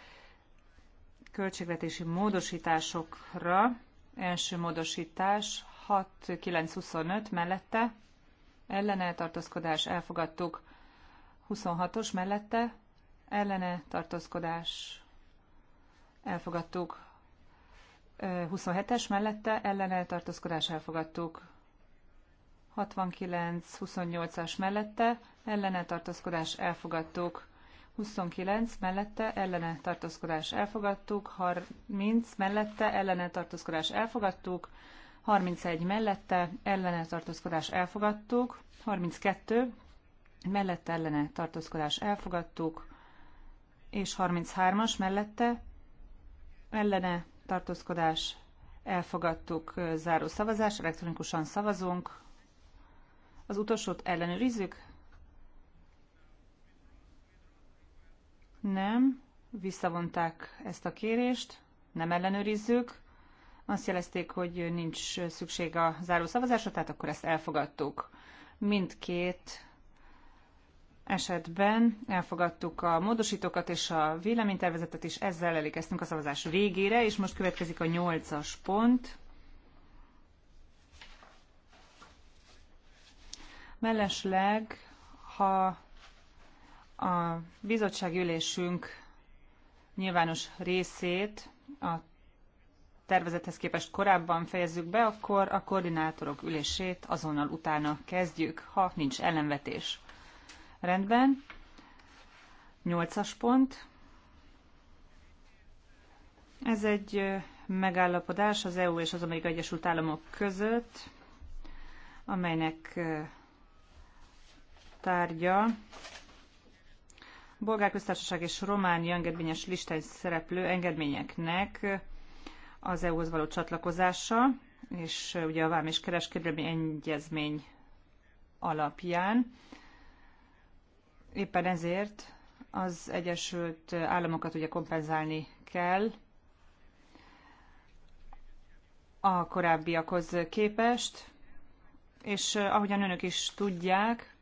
költségvetési módosításokra. Első módosítás 6925 mellette, ellene tartózkodás elfogadtuk, 26-os mellette, ellene tartózkodás elfogadtuk, 27-es mellette ellene elfogadtuk. 69-28-as mellette ellene elfogadtuk. 29 mellette ellene tartózkodás elfogadtuk, 30 mellette ellene tartózkodás elfogadtuk, 31 mellette ellene tartózkodás elfogadtuk, 32 mellette ellene tartózkodás elfogadtuk, és 33-as mellette ellene tartózkodás, elfogadtuk záró szavazás, elektronikusan szavazunk. Az utolsót ellenőrizzük? Nem, visszavonták ezt a kérést, nem ellenőrizzük. Azt jelezték, hogy nincs szükség a záró szavazásra, tehát akkor ezt elfogadtuk. Mindkét esetben elfogadtuk a módosítókat és a véleménytervezetet is, ezzel elégeztünk a szavazás végére, és most következik a nyolcas pont. Mellesleg, ha a bizottságülésünk ülésünk nyilvános részét a tervezethez képest korábban fejezzük be, akkor a koordinátorok ülését azonnal utána kezdjük, ha nincs ellenvetés. Rendben. Nyolcas pont. Ez egy megállapodás az EU és az Amerikai Egyesült Államok között, amelynek tárgya Bolgár Köztársaság és Románia engedményes listán szereplő engedményeknek az EU-hoz való csatlakozása, és ugye a Vám és Kereskedelmi Egyezmény alapján Éppen ezért az Egyesült Államokat ugye kompenzálni kell a korábbiakhoz képest, és eh, ahogyan önök is tudják,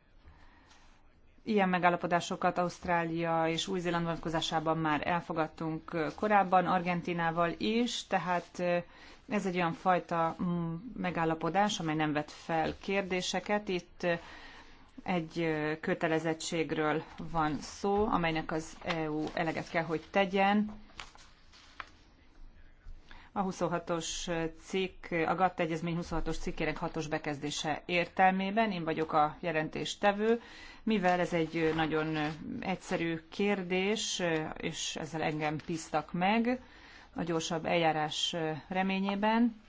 ilyen megállapodásokat Ausztrália és Új-Zéland vonatkozásában már elfogadtunk eh, korábban, Argentinával is, tehát eh, ez egy olyan fajta mm, megállapodás, amely nem vet fel kérdéseket. Itt egy kötelezettségről van szó, amelynek az EU eleget kell, hogy tegyen. A 26-os cikk, a GATT egyezmény 26-os cikkének hatos bekezdése értelmében, én vagyok a jelentéstevő, mivel ez egy nagyon egyszerű kérdés, és ezzel engem bíztak meg a gyorsabb eljárás reményében.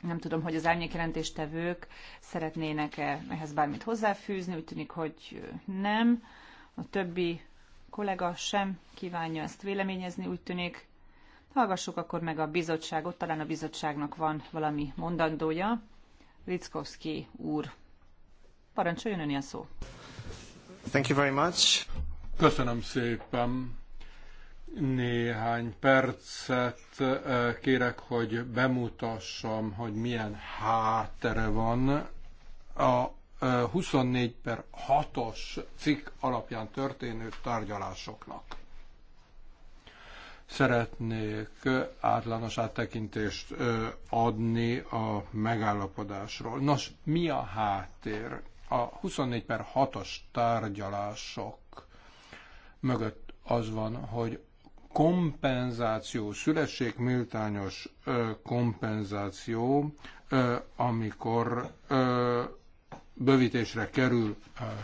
Nem tudom, hogy az árnyékjelentéstevők szeretnének-e ehhez bármit hozzáfűzni, úgy tűnik, hogy nem. A többi kollega sem kívánja ezt véleményezni, úgy tűnik. Hallgassuk akkor meg a bizottságot, talán a bizottságnak van valami mondandója. Lickowski úr, parancsoljon ön a szó. Thank you very much. Köszönöm szépen. Néhány percet eh, kérek, hogy bemutassam, hogy milyen háttere van. A 24 eh, per 6-os cikk alapján történő tárgyalásoknak. Szeretnék eh, átlános áttekintést adni a megállapodásról. Nos, mi a háttér? A 24 per 6-os tárgyalások mögött az van, hogy kompenzáció szülessék, méltányos kompenzáció, amikor bővítésre kerül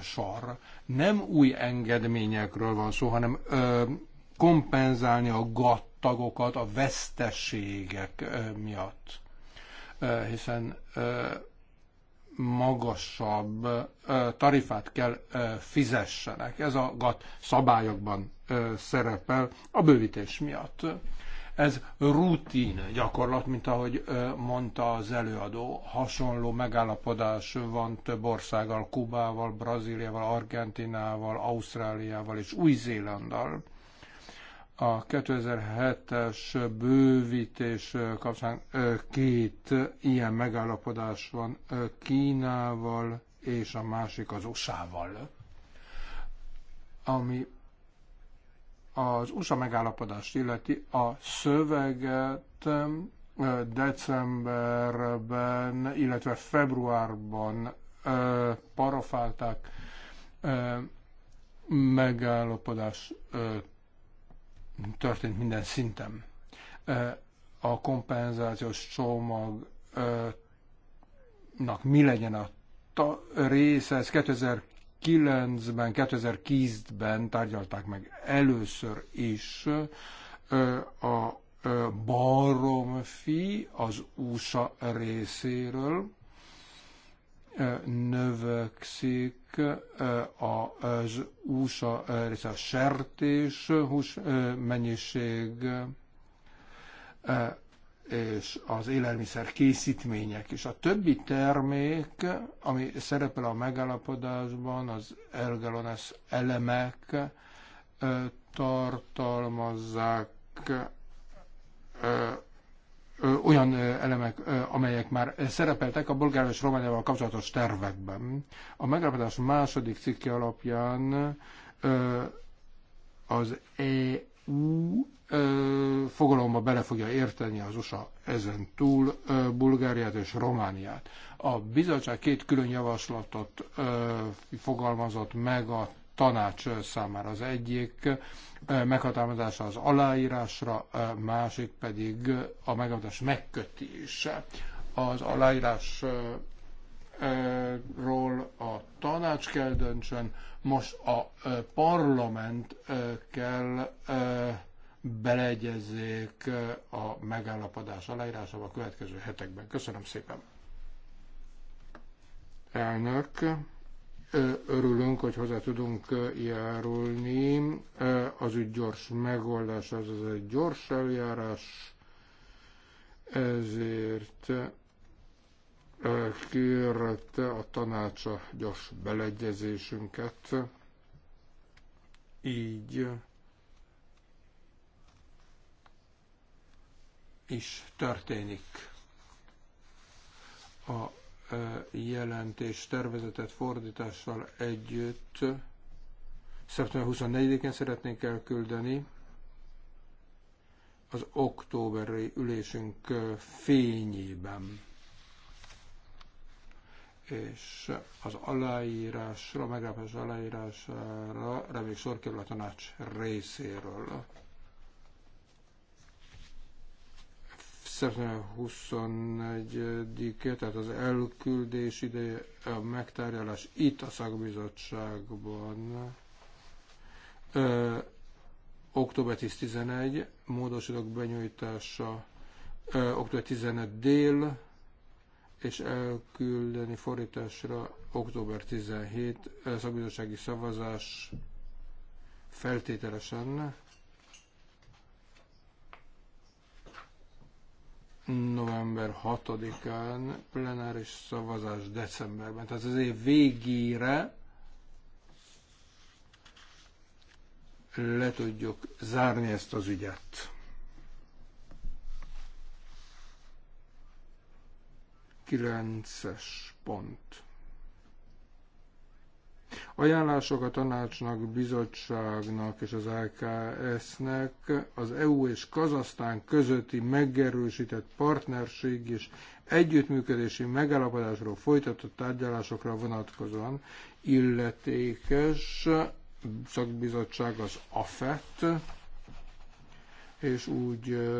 sor. Nem új engedményekről van szó, hanem kompenzálni a gattagokat a vesztességek miatt. Hiszen magasabb tarifát kell fizessenek. Ez a GATT szabályokban szerepel a bővítés miatt. Ez rutin gyakorlat, mint ahogy mondta az előadó. Hasonló megállapodás van több országgal, Kubával, Brazíliával, Argentinával, Ausztráliával és Új-Zélanddal. A 2007-es bővítés kapcsán két ilyen megállapodás van Kínával, és a másik az USA-val, ami az USA megállapodást illeti, a szöveget decemberben, illetve februárban parafálták, megállapodás történt minden szinten. A kompenzációs csomagnak mi legyen a része, ez 2009-ben, 2010-ben tárgyalták meg először is a baromfi az USA részéről, növekszik az USA része, a sertés hús mennyiség, és az élelmiszer készítmények is. A többi termék, ami szerepel a megállapodásban, az ergelones elemek tartalmazzák olyan elemek, amelyek már szerepeltek a bulgáriai és Romániával kapcsolatos tervekben. A megállapodás második cikke alapján az EU fogalomba bele fogja érteni az USA ezen túl Bulgáriát és Romániát. A bizottság két külön javaslatot fogalmazott meg a tanács számára. Az egyik meghatározása az aláírásra, másik pedig a megadás megkötése. Az aláírásról a tanács kell döntsön, most a parlament kell beleegyezzék a megállapodás aláírásába a következő hetekben. Köszönöm szépen! Elnök örülünk, hogy hozzá tudunk járulni. Az ügy gyors megoldás, az az egy gyors eljárás, ezért kérte a tanácsa gyors beleegyezésünket. Így is történik. A jelentés tervezetet fordítással együtt szeptember 24-én szeretnénk elküldeni az októberi ülésünk fényében. És az aláírásra, megállapodás aláírására remélem sor kerül a tanács részéről. szeptember 21-e, tehát az elküldés ideje, a megtárgyalás itt a szakbizottságban ö, október 10-11, módosítok benyújtása ö, október 15 dél, és elküldeni fordításra október 17 szakbizottsági szavazás feltételesen november 6-án, plenáris szavazás decemberben. Tehát az év végére le tudjuk zárni ezt az ügyet. Kilences pont. Ajánlások a tanácsnak, bizottságnak és az LKS-nek az EU és Kazasztán közötti megerősített partnerség és együttműködési megállapodásról folytatott tárgyalásokra vonatkozóan illetékes szakbizottság az AFET, és úgy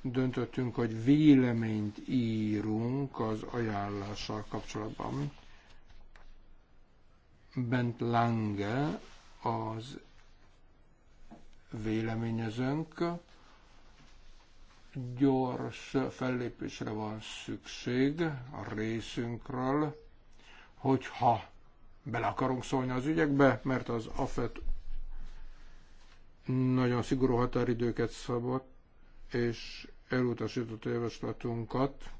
döntöttünk, hogy véleményt írunk az ajánlással kapcsolatban Bent Lange az véleményezőnk. Gyors fellépésre van szükség a részünkről, hogyha bele akarunk szólni az ügyekbe, mert az AFET nagyon szigorú határidőket szabott, és elutasított a javaslatunkat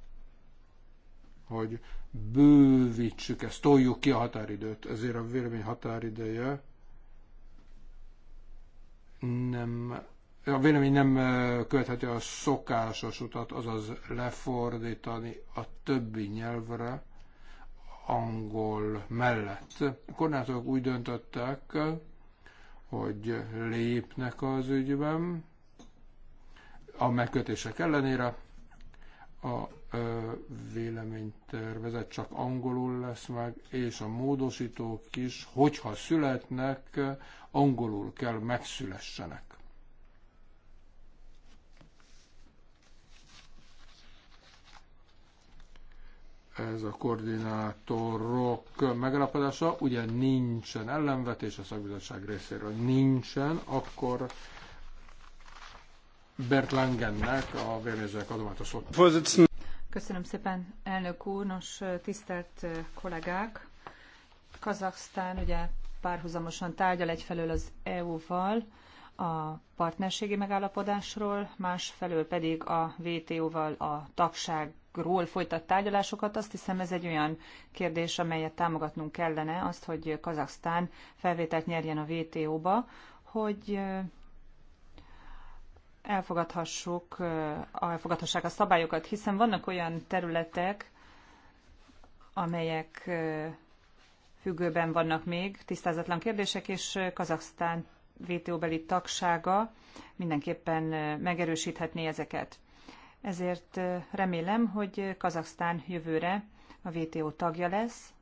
hogy bővítsük ezt, toljuk ki a határidőt. Ezért a vélemény határideje nem, a vélemény nem követheti a szokásos utat, azaz lefordítani a többi nyelvre angol mellett. A korlátok úgy döntöttek, hogy lépnek az ügyben, a megkötések ellenére, a véleménytervezet csak angolul lesz meg, és a módosítók is, hogyha születnek, angolul kell megszülessenek. Ez a koordinátorok megállapodása, ugye nincsen ellenvetés a szakbizottság részéről, nincsen, akkor Bert Langennek a véleményzőek adományos szót. Köszönöm szépen, elnök úr. Nos, tisztelt kollégák, Kazaksztán ugye párhuzamosan tárgyal egyfelől az EU-val a partnerségi megállapodásról, másfelől pedig a WTO-val a tagságról folytat tárgyalásokat. Azt hiszem ez egy olyan kérdés, amelyet támogatnunk kellene, azt, hogy Kazaksztán felvételt nyerjen a WTO-ba, hogy elfogadhassuk, elfogadhassák a szabályokat, hiszen vannak olyan területek, amelyek függőben vannak még, tisztázatlan kérdések, és Kazaksztán WTO-beli tagsága mindenképpen megerősíthetné ezeket. Ezért remélem, hogy Kazaksztán jövőre a WTO tagja lesz,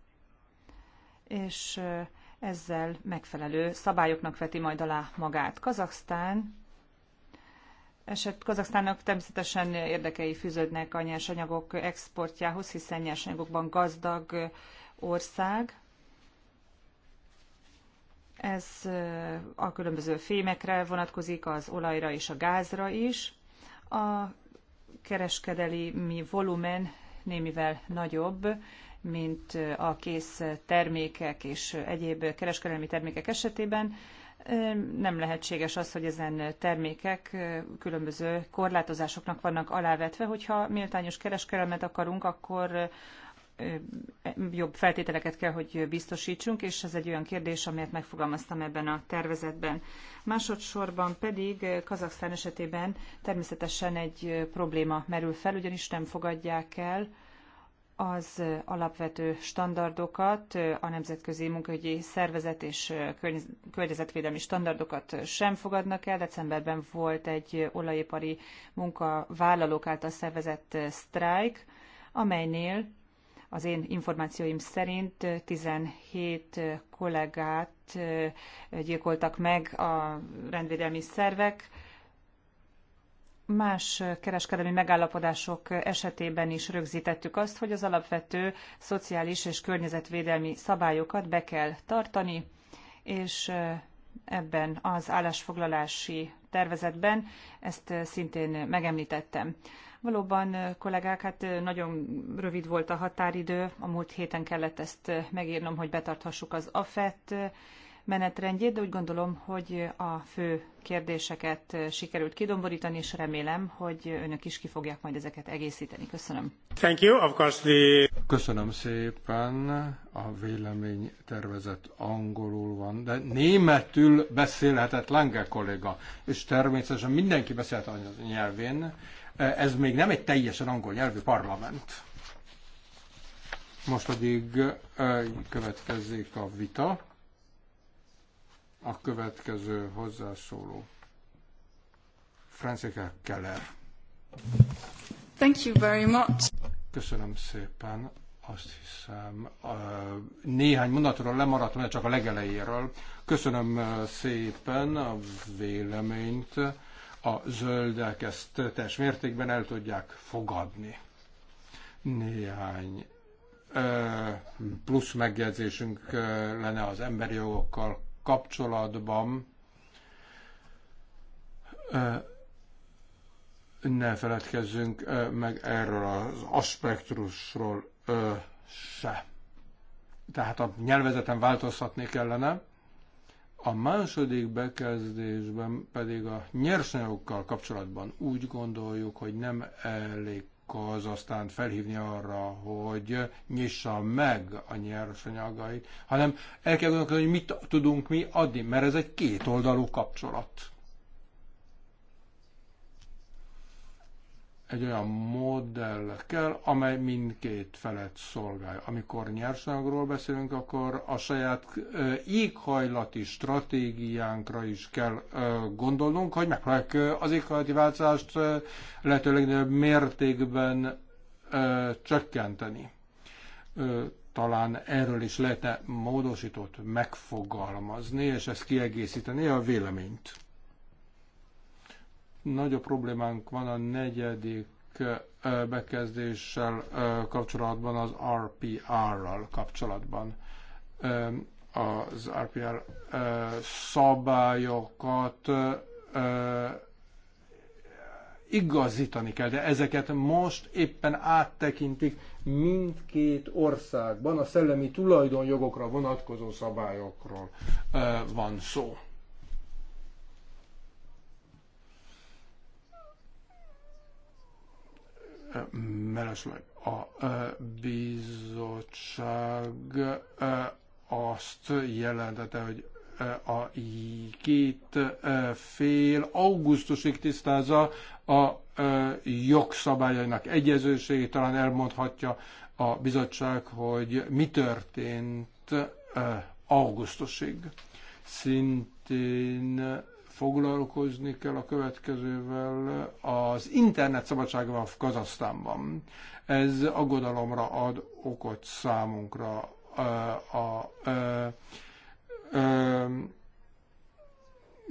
és ezzel megfelelő szabályoknak veti majd alá magát. Kazaksztán eset Kazaksztánnak természetesen érdekei fűződnek a nyersanyagok exportjához, hiszen nyersanyagokban gazdag ország. Ez a különböző fémekre vonatkozik, az olajra és a gázra is. A kereskedelmi volumen némivel nagyobb, mint a kész termékek és egyéb kereskedelmi termékek esetében nem lehetséges az, hogy ezen termékek különböző korlátozásoknak vannak alávetve, hogyha méltányos kereskedelmet akarunk, akkor jobb feltételeket kell, hogy biztosítsunk, és ez egy olyan kérdés, amelyet megfogalmaztam ebben a tervezetben. Másodszorban pedig Kazaksztán esetében természetesen egy probléma merül fel, ugyanis nem fogadják el az alapvető standardokat, a Nemzetközi Munkahogyi Szervezet és környezetvédelmi standardokat sem fogadnak el. Decemberben volt egy olajipari munkavállalók által szervezett sztrájk, amelynél az én információim szerint 17 kollégát gyilkoltak meg a rendvédelmi szervek, más kereskedelmi megállapodások esetében is rögzítettük azt, hogy az alapvető szociális és környezetvédelmi szabályokat be kell tartani, és ebben az állásfoglalási tervezetben ezt szintén megemlítettem. Valóban, kollégák, hát nagyon rövid volt a határidő, a múlt héten kellett ezt megírnom, hogy betarthassuk az AFET menetrendjét, de úgy gondolom, hogy a fő kérdéseket sikerült kidomborítani, és remélem, hogy önök is ki fogják majd ezeket egészíteni. Köszönöm. Thank you. Of course the... Köszönöm szépen. A vélemény tervezett angolul van, de németül beszélhetett Lange kolléga, és természetesen mindenki beszélt a nyelvén. Ez még nem egy teljesen angol nyelvű parlament. Most pedig következik a vita. A következő hozzászóló. Francesca Keller. Thank you very much. Köszönöm szépen. Azt hiszem, néhány mondatról lemaradt, mert csak a legelejéről. Köszönöm szépen a véleményt. A zöldek ezt teljes mértékben el tudják fogadni. Néhány plusz megjegyzésünk lenne az emberi jogokkal kapcsolatban ne feledkezzünk meg erről az aspektusról se. Tehát a nyelvezeten változtatni kellene. A második bekezdésben pedig a nyersanyagokkal kapcsolatban úgy gondoljuk, hogy nem elég az aztán felhívni arra, hogy nyissa meg a nyersanyagait, hanem el kell gondolkodni, hogy mit tudunk mi adni, mert ez egy kétoldalú kapcsolat. egy olyan modell kell, amely mindkét felet szolgálja. Amikor nyersanyagról beszélünk, akkor a saját éghajlati stratégiánkra is kell gondolnunk, hogy megpróbáljuk az éghajlati változást lehetőleg mértékben csökkenteni. Talán erről is lehetne módosítót megfogalmazni, és ezt kiegészíteni a véleményt. Nagyobb problémánk van a negyedik bekezdéssel kapcsolatban, az RPR-ral kapcsolatban. Az RPR szabályokat igazítani kell, de ezeket most éppen áttekintik mindkét országban a szellemi tulajdonjogokra vonatkozó szabályokról van szó. mellesleg a e, bizottság e, azt jelentette, hogy e, a két fél augusztusig tisztázza a jogszabályainak egyezőségét, talán elmondhatja a bizottság, hogy mi történt augusztusig. Szintén foglalkozni kell a következővel, az internet van Kazasztánban. Ez aggodalomra ad okot számunkra. A, a, a, a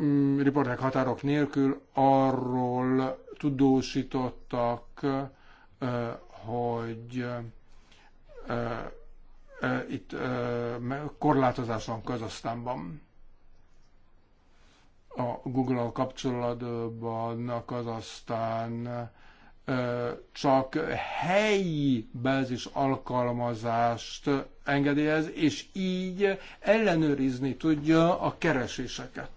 mm, riportek határok nélkül arról tudósítottak, hogy itt korlátozás van Kazasztánban a Google-al kapcsolatban az aztán csak helyi bázis alkalmazást engedélyez, és így ellenőrizni tudja a kereséseket.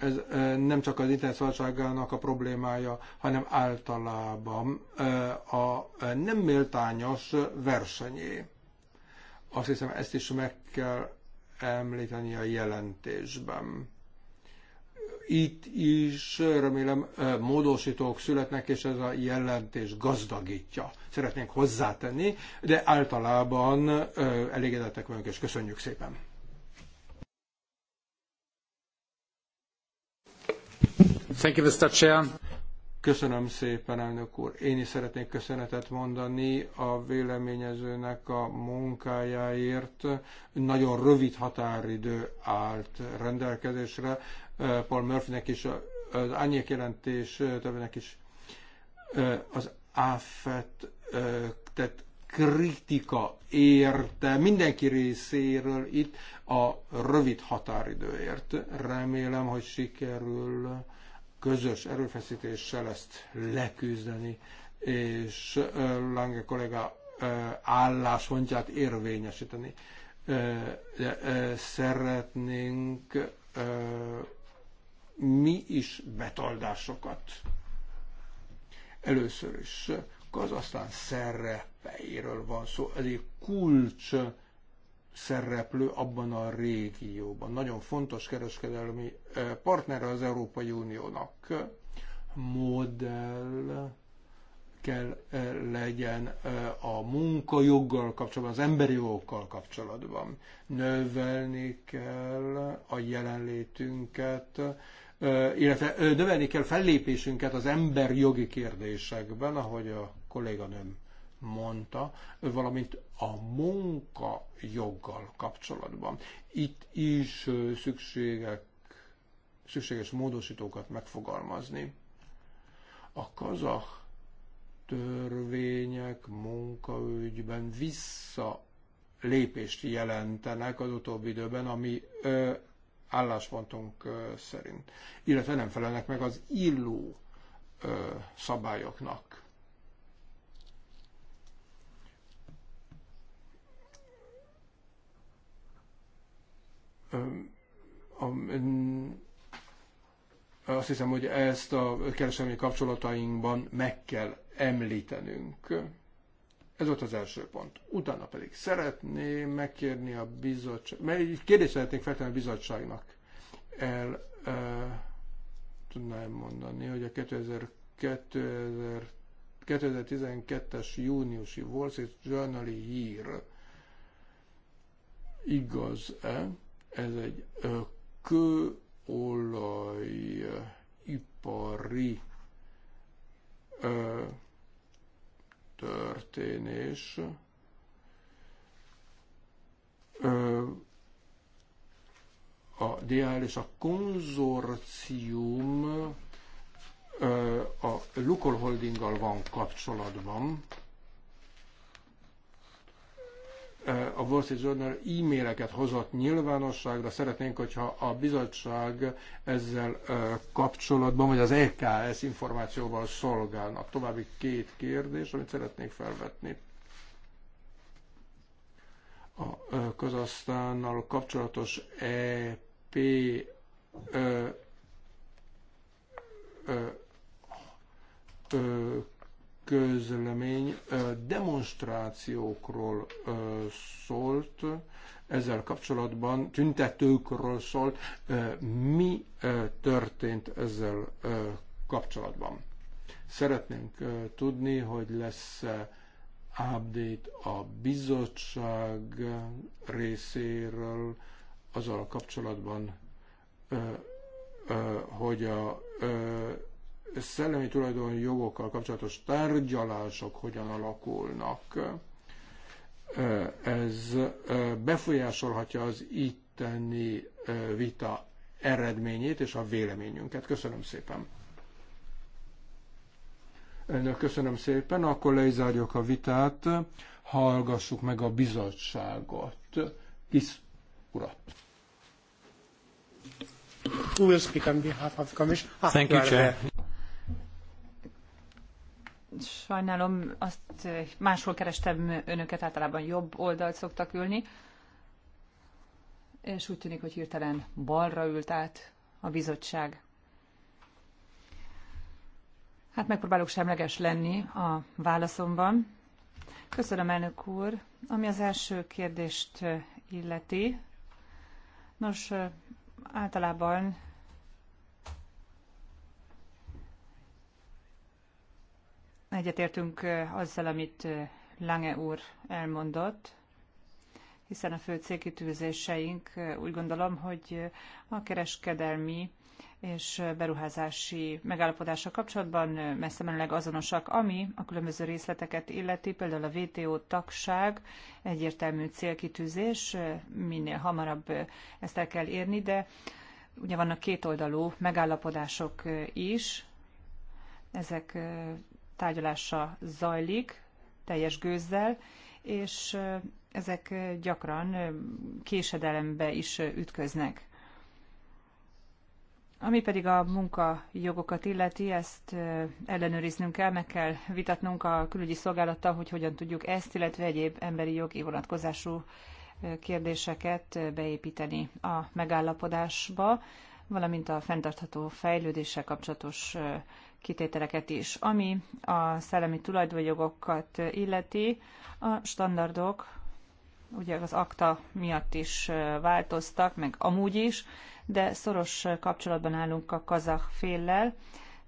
Ez nem csak az internet a problémája, hanem általában a nem méltányos versenyé. Azt hiszem, ezt is meg kell említeni a jelentésben. Itt is remélem módosítók születnek, és ez a jelentés gazdagítja. Szeretnénk hozzátenni, de általában elégedettek vagyunk, és köszönjük szépen. Thank you, Mr. Chair. Köszönöm szépen, elnök úr. Én is szeretnék köszönetet mondani a véleményezőnek a munkájáért. Nagyon rövid határidő állt rendelkezésre. Eh, Paul Murphynek is, az Ányék jelentés eh, többnek is eh, az AFET tehát kritika érte mindenki részéről itt a rövid határidőért. Remélem, hogy sikerül közös erőfeszítéssel ezt leküzdeni, és Lange kollega álláspontját érvényesíteni. Szeretnénk mi is betoldásokat. Először is Kazasztán szerepeiről van szó, ez egy kulcs szereplő abban a régióban. Nagyon fontos kereskedelmi eh, partnere az Európai Uniónak. Modell kell eh, legyen eh, a munkajoggal kapcsolatban, az emberi jogokkal kapcsolatban. Növelni kell a jelenlétünket, illetve növelni kell fellépésünket az emberjogi kérdésekben, ahogy a kolléganőm mondta, valamint a munka joggal kapcsolatban. Itt is szükségek, szükséges módosítókat megfogalmazni. A kazah törvények munkaügyben vissza lépést jelentenek az utóbbi időben, ami ö, álláspontunk ö, szerint, illetve nem felelnek meg az illó ö, szabályoknak. azt hiszem, hogy ezt a kereselmi kapcsolatainkban meg kell említenünk. Ez volt az első pont. Utána pedig szeretném megkérni a bizottság, mert kérdést szeretnék feltenni a bizottságnak. El e, tudnám mondani, hogy a 2000, 2012-es júniusi Wall Street Journal hír igaz-e, ez egy kőolaj ipari történés. a DL és a konzorcium a Lukol Holdinggal van kapcsolatban, a Wall Street Journal e-maileket hozott nyilvánosságra. Szeretnénk, hogyha a bizottság ezzel kapcsolatban, vagy az EKS információval szolgálna. További két kérdés, amit szeretnék felvetni. A Kazasztánnal kapcsolatos EP ö, ö, ö, közlemény demonstrációkról szólt, ezzel kapcsolatban tüntetőkről szólt, mi történt ezzel kapcsolatban. Szeretnénk tudni, hogy lesz -e update a bizottság részéről azzal kapcsolatban, hogy a szellemi jogokkal kapcsolatos tárgyalások hogyan alakulnak. Ez befolyásolhatja az itteni vita eredményét és a véleményünket. Köszönöm szépen. Önök köszönöm szépen, akkor lezárjuk a vitát, hallgassuk meg a bizottságot. Kis urat. Who will speak on behalf of the Commission? Ah, Thank you, Chair sajnálom, azt eh, máshol kerestem önöket, általában jobb oldalt szoktak ülni, és úgy tűnik, hogy hirtelen balra ült át a bizottság. Hát megpróbálok semleges lenni a válaszomban. Köszönöm, elnök úr. Ami az első kérdést eh, illeti, nos, eh, általában Egyetértünk azzal, amit Lange úr elmondott, hiszen a fő célkitűzéseink úgy gondolom, hogy a kereskedelmi és beruházási megállapodása kapcsolatban messze menőleg azonosak, ami a különböző részleteket illeti, például a WTO tagság egyértelmű célkitűzés, minél hamarabb ezt el kell érni, de ugye vannak kétoldalú megállapodások is, ezek tárgyalása zajlik teljes gőzzel, és ezek gyakran késedelembe is ütköznek. Ami pedig a munkajogokat illeti, ezt ellenőriznünk kell, meg kell vitatnunk a külügyi szolgálattal, hogy hogyan tudjuk ezt, illetve egyéb emberi jogi vonatkozású kérdéseket beépíteni a megállapodásba, valamint a fenntartható fejlődéssel kapcsolatos kitételeket is. Ami a szellemi tulajdonjogokat illeti, a standardok ugye az akta miatt is változtak, meg amúgy is, de szoros kapcsolatban állunk a kazah féllel,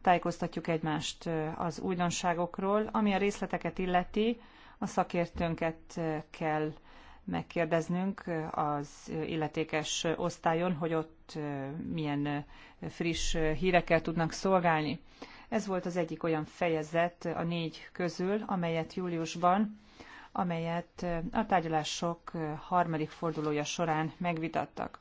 tájékoztatjuk egymást az újdonságokról. Ami a részleteket illeti, a szakértőnket kell megkérdeznünk az illetékes osztályon, hogy ott milyen friss hírekkel tudnak szolgálni. Ez volt az egyik olyan fejezet a négy közül, amelyet júliusban amelyet a tárgyalások harmadik fordulója során megvitattak.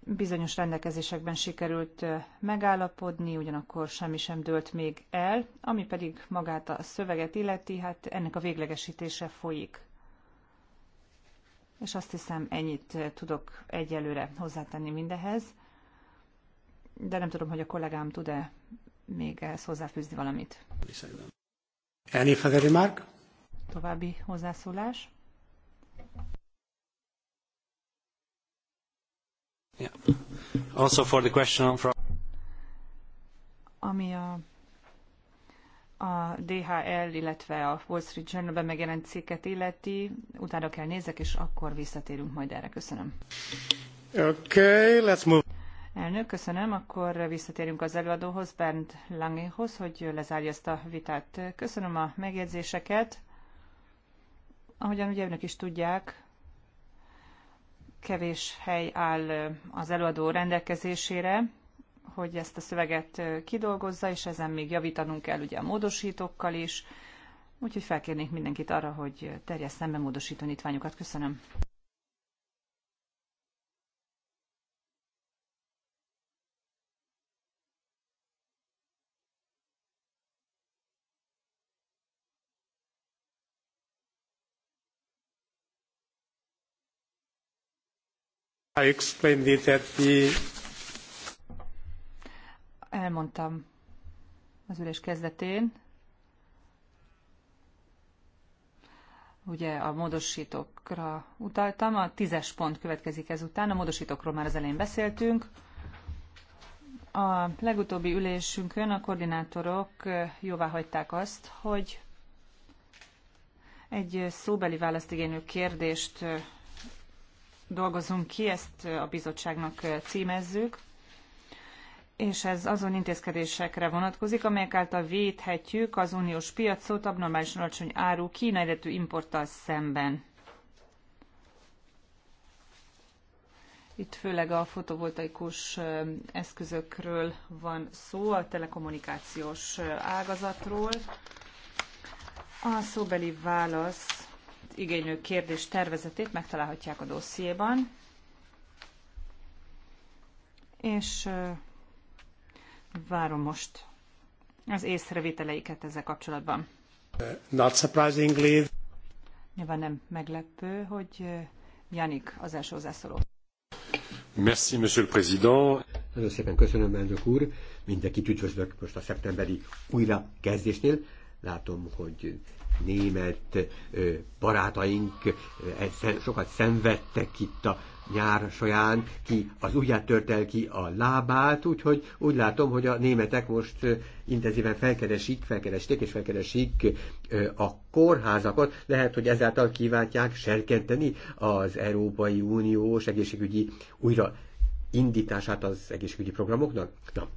Bizonyos rendelkezésekben sikerült megállapodni, ugyanakkor semmi sem dőlt még el, ami pedig magát a szöveget illeti, hát ennek a véglegesítése folyik. És azt hiszem, ennyit tudok egyelőre hozzátenni mindehez, de nem tudom, hogy a kollégám tud-e még ehhez hozzáfűzni valamit? Any further remark? További hozzászólás? Yeah. Also for the question from... Ami a a DHL, illetve a Wall Street Journal-ben megjelent cikket illeti. Utána kell nézek, és akkor visszatérünk majd erre. Köszönöm. Okay, let's move. Elnök, köszönöm. Akkor visszatérünk az előadóhoz, Bernd Langehoz, hogy lezárja ezt a vitát. Köszönöm a megjegyzéseket. Ahogyan ugye önök is tudják, kevés hely áll az előadó rendelkezésére, hogy ezt a szöveget kidolgozza, és ezen még javítanunk kell ugye a módosítókkal is. Úgyhogy felkérnék mindenkit arra, hogy terjesszen be nyitványokat. Köszönöm. I explained it at the... Elmondtam az ülés kezdetén, ugye a módosítókra utaltam, a tízes pont következik ezután, a módosítókról már az elején beszéltünk. A legutóbbi ülésünkön a koordinátorok jóvá hagyták azt, hogy egy szóbeli választigénő kérdést dolgozunk ki, ezt a bizottságnak címezzük, és ez azon intézkedésekre vonatkozik, amelyek által védhetjük az uniós piacot abnormálisan alacsony áru kínai importtal szemben. Itt főleg a fotovoltaikus eszközökről van szó, a telekommunikációs ágazatról. A szóbeli válasz igénylő kérdés tervezetét megtalálhatják a dossziéban. És várom most az észrevételeiket ezzel kapcsolatban. Not surprisingly. Nyilván nem meglepő, hogy Janik az első hozzászóló. Merci, monsieur le président. Nagyon szépen köszönöm, elnök úr. Mindenkit üdvözlök most a szeptemberi újrakezdésnél. Látom, hogy német barátaink sokat szenvedtek itt a nyár saján, ki az ujját tört el ki a lábát, úgyhogy úgy látom, hogy a németek most intenzíven felkeresik, felkeresték és felkeresik a kórházakat. Lehet, hogy ezáltal kívánják serkenteni az Európai Uniós egészségügyi újra indítását az egészségügyi programoknak. Na,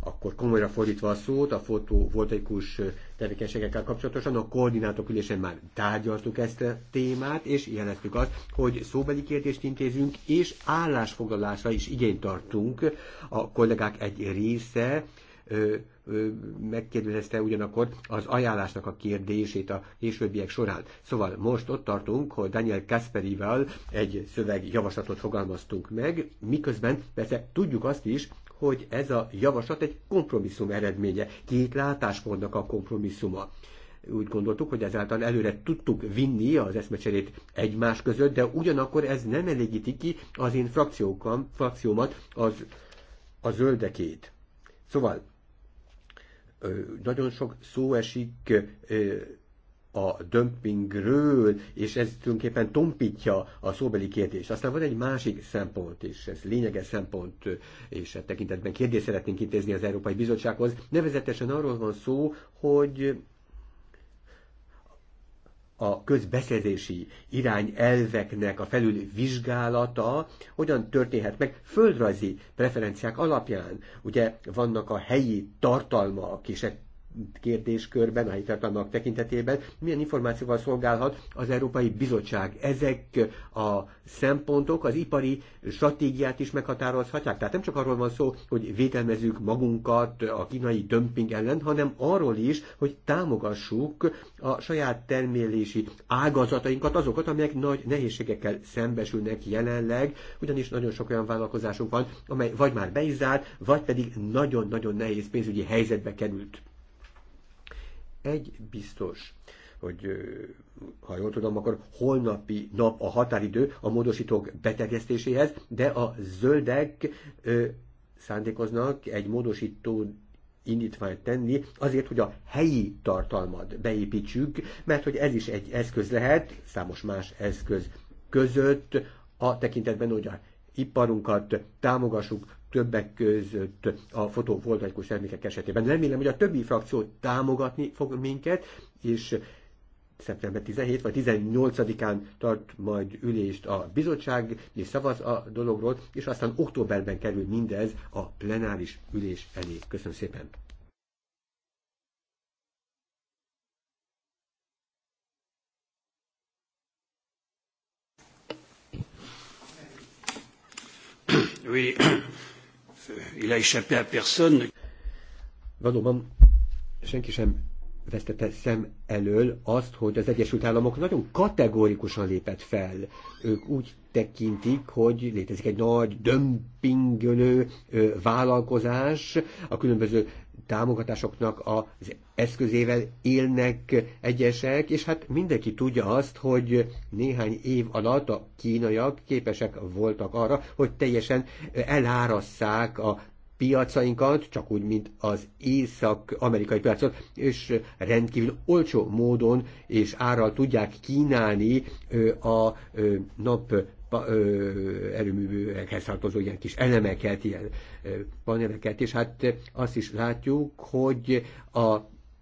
akkor komolyra fordítva a szót, a fotovoltaikus tevékenységekkel kapcsolatosan a koordinátok ülésen már tárgyaltuk ezt a témát, és jeleztük azt, hogy szóbeli kérdést intézünk, és állásfoglalásra is igényt tartunk. A kollégák egy része ö, ö, megkérdezte ugyanakkor az ajánlásnak a kérdését a későbbiek során. Szóval most ott tartunk, hogy Daniel Kasperivel egy szövegjavaslatot fogalmaztunk meg, miközben persze tudjuk azt is, hogy ez a javaslat egy kompromisszum eredménye, két látáspontnak a kompromisszuma úgy gondoltuk, hogy ezáltal előre tudtuk vinni az eszmecserét egymás között, de ugyanakkor ez nem elégíti ki az én frakciómat, az, a zöldekét. Szóval nagyon sok szó esik a dömpingről, és ez tulajdonképpen tompítja a szóbeli kérdést. Aztán van egy másik szempont, és ez lényeges szempont, és e tekintetben kérdést szeretnénk intézni az Európai Bizottsághoz. Nevezetesen arról van szó, hogy a közbeszerzési irányelveknek a felülvizsgálata hogyan történhet meg földrajzi preferenciák alapján. Ugye vannak a helyi tartalmak, és e kérdéskörben, a helytartalmak tekintetében, milyen információval szolgálhat az Európai Bizottság. Ezek a szempontok az ipari stratégiát is meghatározhatják. Tehát nem csak arról van szó, hogy védelmezzük magunkat a kínai dömping ellen, hanem arról is, hogy támogassuk a saját termélési ágazatainkat, azokat, amelyek nagy nehézségekkel szembesülnek jelenleg, ugyanis nagyon sok olyan vállalkozásunk van, amely vagy már beizált, vagy pedig nagyon-nagyon nehéz pénzügyi helyzetbe került. Egy biztos, hogy ha jól tudom, akkor holnapi nap a határidő a módosítók beterjesztéséhez, de a zöldek ö, szándékoznak egy módosító indítványt tenni, azért, hogy a helyi tartalmat beépítsük, mert hogy ez is egy eszköz lehet, számos más eszköz között, a tekintetben, hogy a iparunkat támogassuk többek között a fotovoltaikus termékek esetében. Remélem, hogy a többi frakció támogatni fog minket, és szeptember 17 vagy 18-án tart majd ülést a bizottság, és szavaz a dologról, és aztán októberben kerül mindez a plenáris ülés elé. Köszönöm szépen! Oui, il a échappé à personne. Valóban senki sem vesztette szem elől azt, hogy az Egyesült Államok nagyon kategórikusan lépett fel. Ők úgy tekintik, hogy létezik egy nagy dömpingölő vállalkozás a különböző támogatásoknak az eszközével élnek egyesek, és hát mindenki tudja azt, hogy néhány év alatt a kínaiak képesek voltak arra, hogy teljesen elárasszák a piacainkat, csak úgy, mint az észak-amerikai piacot, és rendkívül olcsó módon és árral tudják kínálni a nap erőművekhez tartozó ilyen kis elemeket, ilyen paneleket, és hát azt is látjuk, hogy a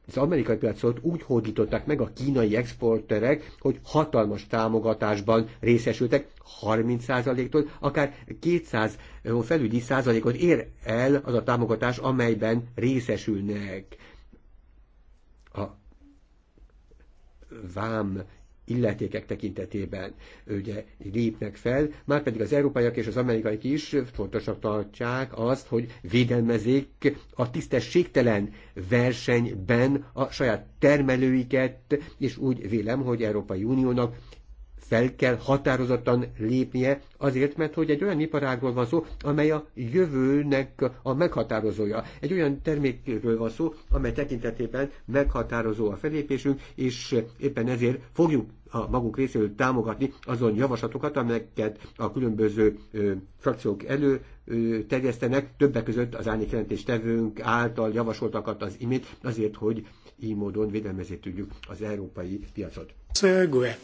az amerikai piacot úgy hódították meg a kínai exporterek, hogy hatalmas támogatásban részesültek, 30%-tól akár 200 felüli százalékot ér el az a támogatás, amelyben részesülnek. A vám illetékek tekintetében ugye lépnek fel, már pedig az európaiak és az amerikaiak is fontosnak tartják azt, hogy védelmezik a tisztességtelen versenyben a saját termelőiket, és úgy vélem, hogy Európai Uniónak fel kell határozottan lépnie, azért, mert hogy egy olyan iparágról van szó, amely a jövőnek a meghatározója. Egy olyan termékről van szó, amely tekintetében meghatározó a felépésünk, és éppen ezért fogjuk a magunk részéről támogatni azon javaslatokat, amelyeket a különböző ö, frakciók elő ö, terjesztenek, többek között az tevőnk által javasoltakat az imént, azért, hogy így módon védelmezni tudjuk az európai piacot. Szögüle.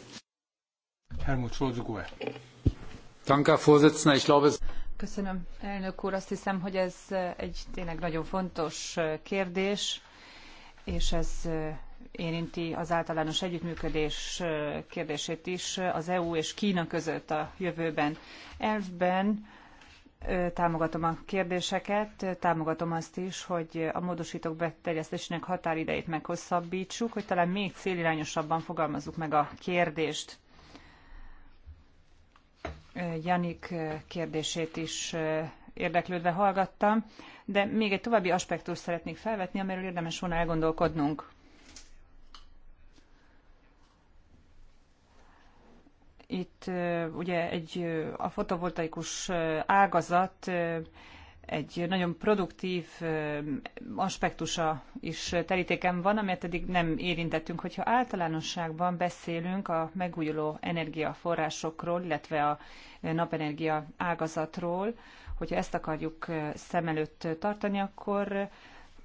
Köszönöm, elnök úr. Azt hiszem, hogy ez egy tényleg nagyon fontos kérdés, és ez érinti az általános együttműködés kérdését is az EU és Kína között a jövőben. Elvben támogatom a kérdéseket, támogatom azt is, hogy a módosítók beterjesztésének határidejét meghosszabbtsuk hogy talán még célirányosabban fogalmazzuk meg a kérdést. Janik kérdését is érdeklődve hallgattam, de még egy további aspektust szeretnék felvetni, amiről érdemes volna elgondolkodnunk. Itt ugye egy, a fotovoltaikus ágazat egy nagyon produktív aspektusa is terítéken van, amelyet eddig nem érintettünk. Hogyha általánosságban beszélünk a megújuló energiaforrásokról, illetve a napenergia ágazatról, hogyha ezt akarjuk szem előtt tartani, akkor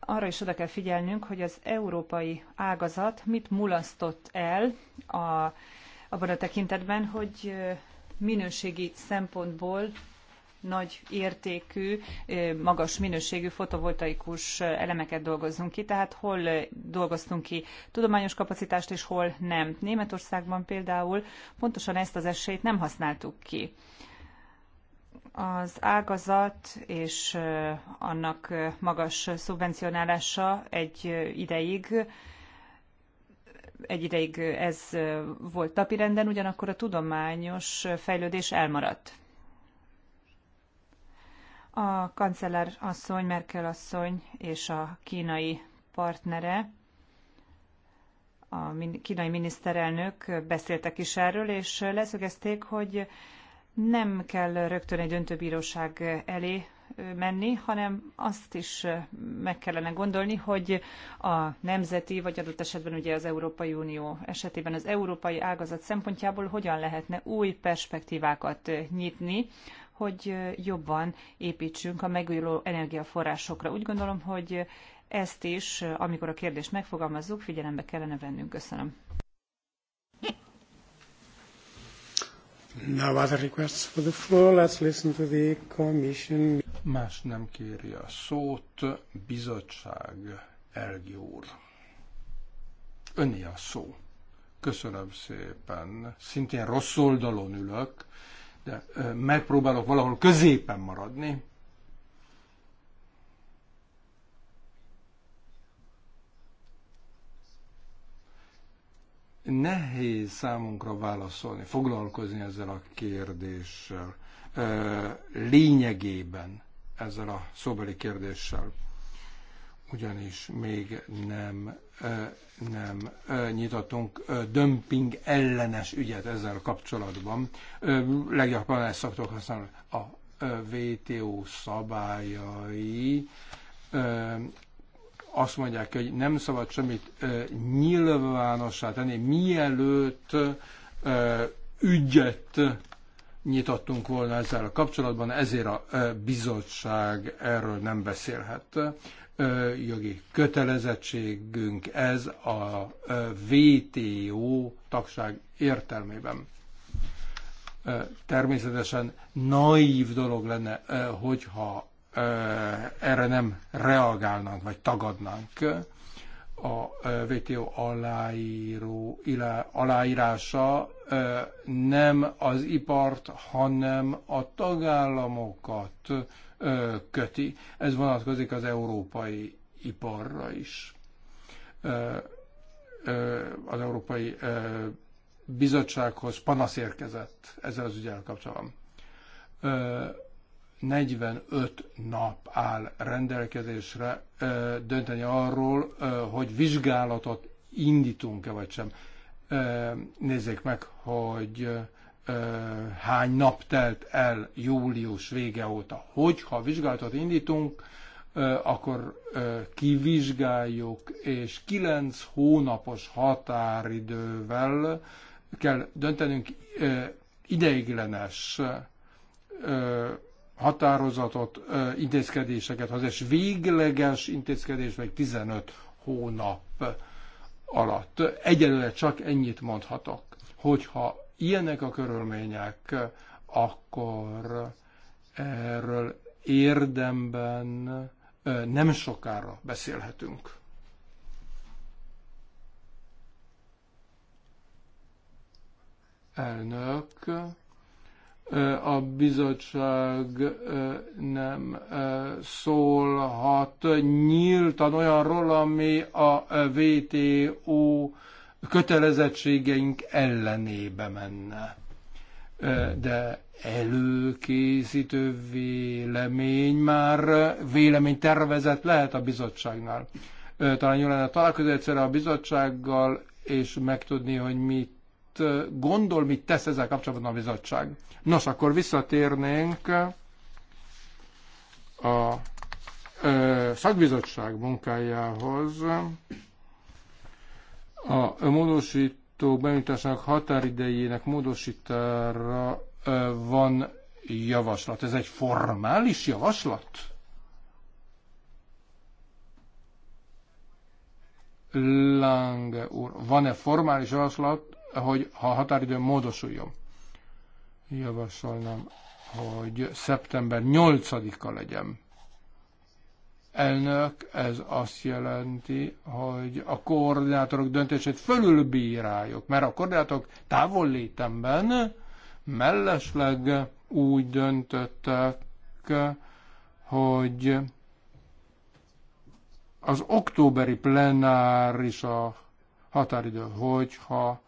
arra is oda kell figyelnünk, hogy az európai ágazat mit mulasztott el a, abban a tekintetben, hogy minőségi szempontból nagy értékű, magas minőségű fotovoltaikus elemeket dolgozzunk ki, tehát hol dolgoztunk ki tudományos kapacitást és hol nem. Németországban például pontosan ezt az esélyt nem használtuk ki. Az ágazat és annak magas szubvencionálása egy ideig egy ideig ez volt napirenden, ugyanakkor a tudományos fejlődés elmaradt a kancellár asszony, Merkel asszony és a kínai partnere, a kínai miniszterelnök beszéltek is erről, és leszögezték, hogy nem kell rögtön egy döntőbíróság elé menni, hanem azt is meg kellene gondolni, hogy a nemzeti, vagy adott esetben ugye az Európai Unió esetében az európai ágazat szempontjából hogyan lehetne új perspektívákat nyitni hogy jobban építsünk a megújuló energiaforrásokra. Úgy gondolom, hogy ezt is, amikor a kérdést megfogalmazzuk, figyelembe kellene vennünk. Köszönöm. No other requests for the floor. Let's listen to the commission. Más nem kéri a szót. Bizottság, Ergi úr. Öné a szó. Köszönöm szépen. Szintén rossz oldalon ülök, de megpróbálok valahol középen maradni. Nehéz számunkra válaszolni, foglalkozni ezzel a kérdéssel, lényegében ezzel a szóbeli kérdéssel ugyanis még nem, nem nyitottunk dömping ellenes ügyet ezzel kapcsolatban. legjobban ezt szoktuk használni. A WTO szabályai azt mondják, hogy nem szabad semmit nyilvánossá tenni, mielőtt ügyet nyitottunk volna ezzel a kapcsolatban, ezért a bizottság erről nem beszélhet jogi kötelezettségünk ez a VTO tagság értelmében. Természetesen naív dolog lenne, hogyha erre nem reagálnánk, vagy tagadnánk a WTO aláíró, ilá, aláírása nem az ipart, hanem a tagállamokat köti. Ez vonatkozik az európai iparra is. Az Európai Bizottsághoz panasz érkezett ezzel az ügyel kapcsolatban 45 nap áll rendelkezésre dönteni arról, hogy vizsgálatot indítunk-e vagy sem. Nézzék meg, hogy hány nap telt el július vége óta. Hogyha vizsgálatot indítunk, akkor kivizsgáljuk, és 9 hónapos határidővel kell döntenünk ideiglenes határozatot, intézkedéseket az és végleges intézkedés meg 15 hónap alatt. Egyelőre csak ennyit mondhatok, hogyha ilyenek a körülmények, akkor erről érdemben nem sokára beszélhetünk. Elnök a bizottság nem szólhat nyíltan olyanról, ami a VTO kötelezettségeink ellenébe menne. De előkészítő vélemény már véleménytervezet lehet a bizottságnál. Talán jól lenne találkozni egyszerre a bizottsággal, és megtudni, hogy mit gondol, mit tesz ezzel kapcsolatban a bizottság. Nos, akkor visszatérnénk a ö, szakbizottság munkájához. A módosító benyújtásának határidejének módosítára ö, van javaslat. Ez egy formális javaslat? Lang úr, van-e formális javaslat hogy ha a határidő módosuljon. Javasolnám, hogy szeptember 8-a legyen. Elnök, ez azt jelenti, hogy a koordinátorok döntését fölülbíráljuk, mert a koordinátorok távol létemben mellesleg úgy döntöttek, hogy az októberi plenáris a határidő, hogyha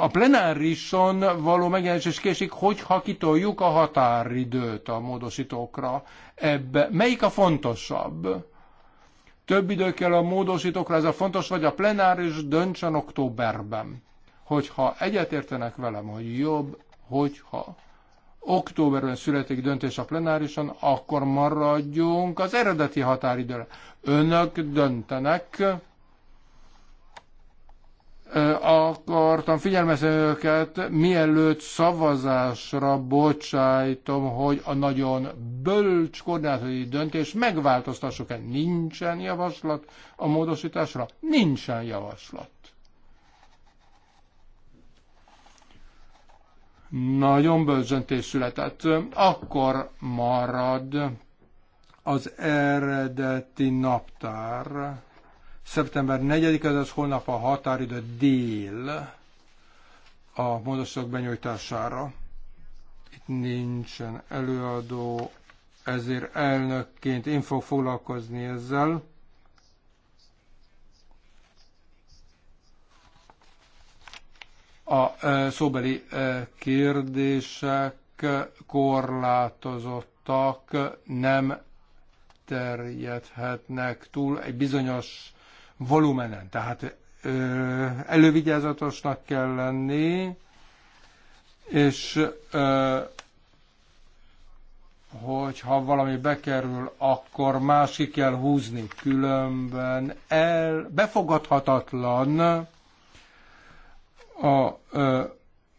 a plenárison való megjelenés késik, hogyha kitoljuk a határidőt a módosítókra. Ebbe melyik a fontosabb? Több idő kell a módosítókra, ez a fontos, vagy a plenáris döntsön októberben. Hogyha egyetértenek velem, hogy jobb, hogyha októberben születik döntés a plenárison, akkor maradjunk az eredeti határidőre. Önök döntenek, akartam figyelmezni őket, mielőtt szavazásra bocsájtom, hogy a nagyon bölcs koordinátori döntés megváltoztassuk-e. Nincsen javaslat a módosításra? Nincsen javaslat. Nagyon bölcs született. Akkor marad az eredeti naptár Szeptember 4 -e, az holnap a határidő dél a módosok benyújtására. Itt nincsen előadó, ezért elnökként én fog foglalkozni ezzel. A szóbeli kérdések korlátozottak, nem terjedhetnek túl egy bizonyos volumenen. Tehát elővigyázatosnak kell lenni, és hogyha valami bekerül, akkor másik kell húzni, különben el, befogadhatatlan a ö,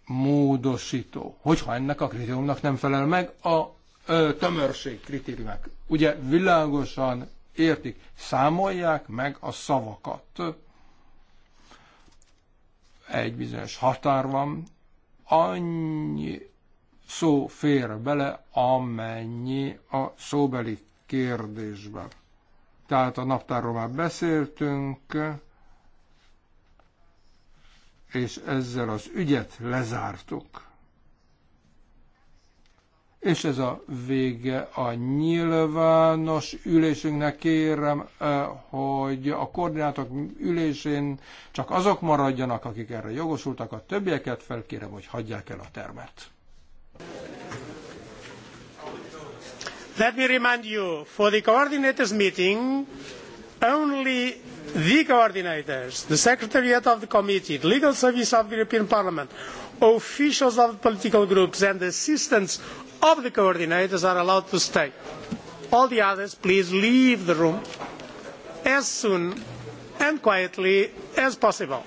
módosító. Hogyha ennek a kritériumnak nem felel meg, a ö, tömörség kritériumnak. Ugye világosan értik. Számolják meg a szavakat. Egy bizonyos határ van, annyi szó fér bele, amennyi a szóbeli kérdésbe. Tehát a naptárról már beszéltünk, és ezzel az ügyet lezártuk. És ez a vége a nyilvános ülésünknek. Kérem, eh, hogy a koordinátok ülésén csak azok maradjanak, akik erre jogosultak, a többieket felkérem, hogy hagyják el a termet. Let me remind you, for the coordinators meeting, only the coordinators, the secretariat of the committee, the legal service of the European Parliament, officials of the political groups and assistants of the coordinators are allowed to stay. All the others, please leave the room as soon and quietly as possible.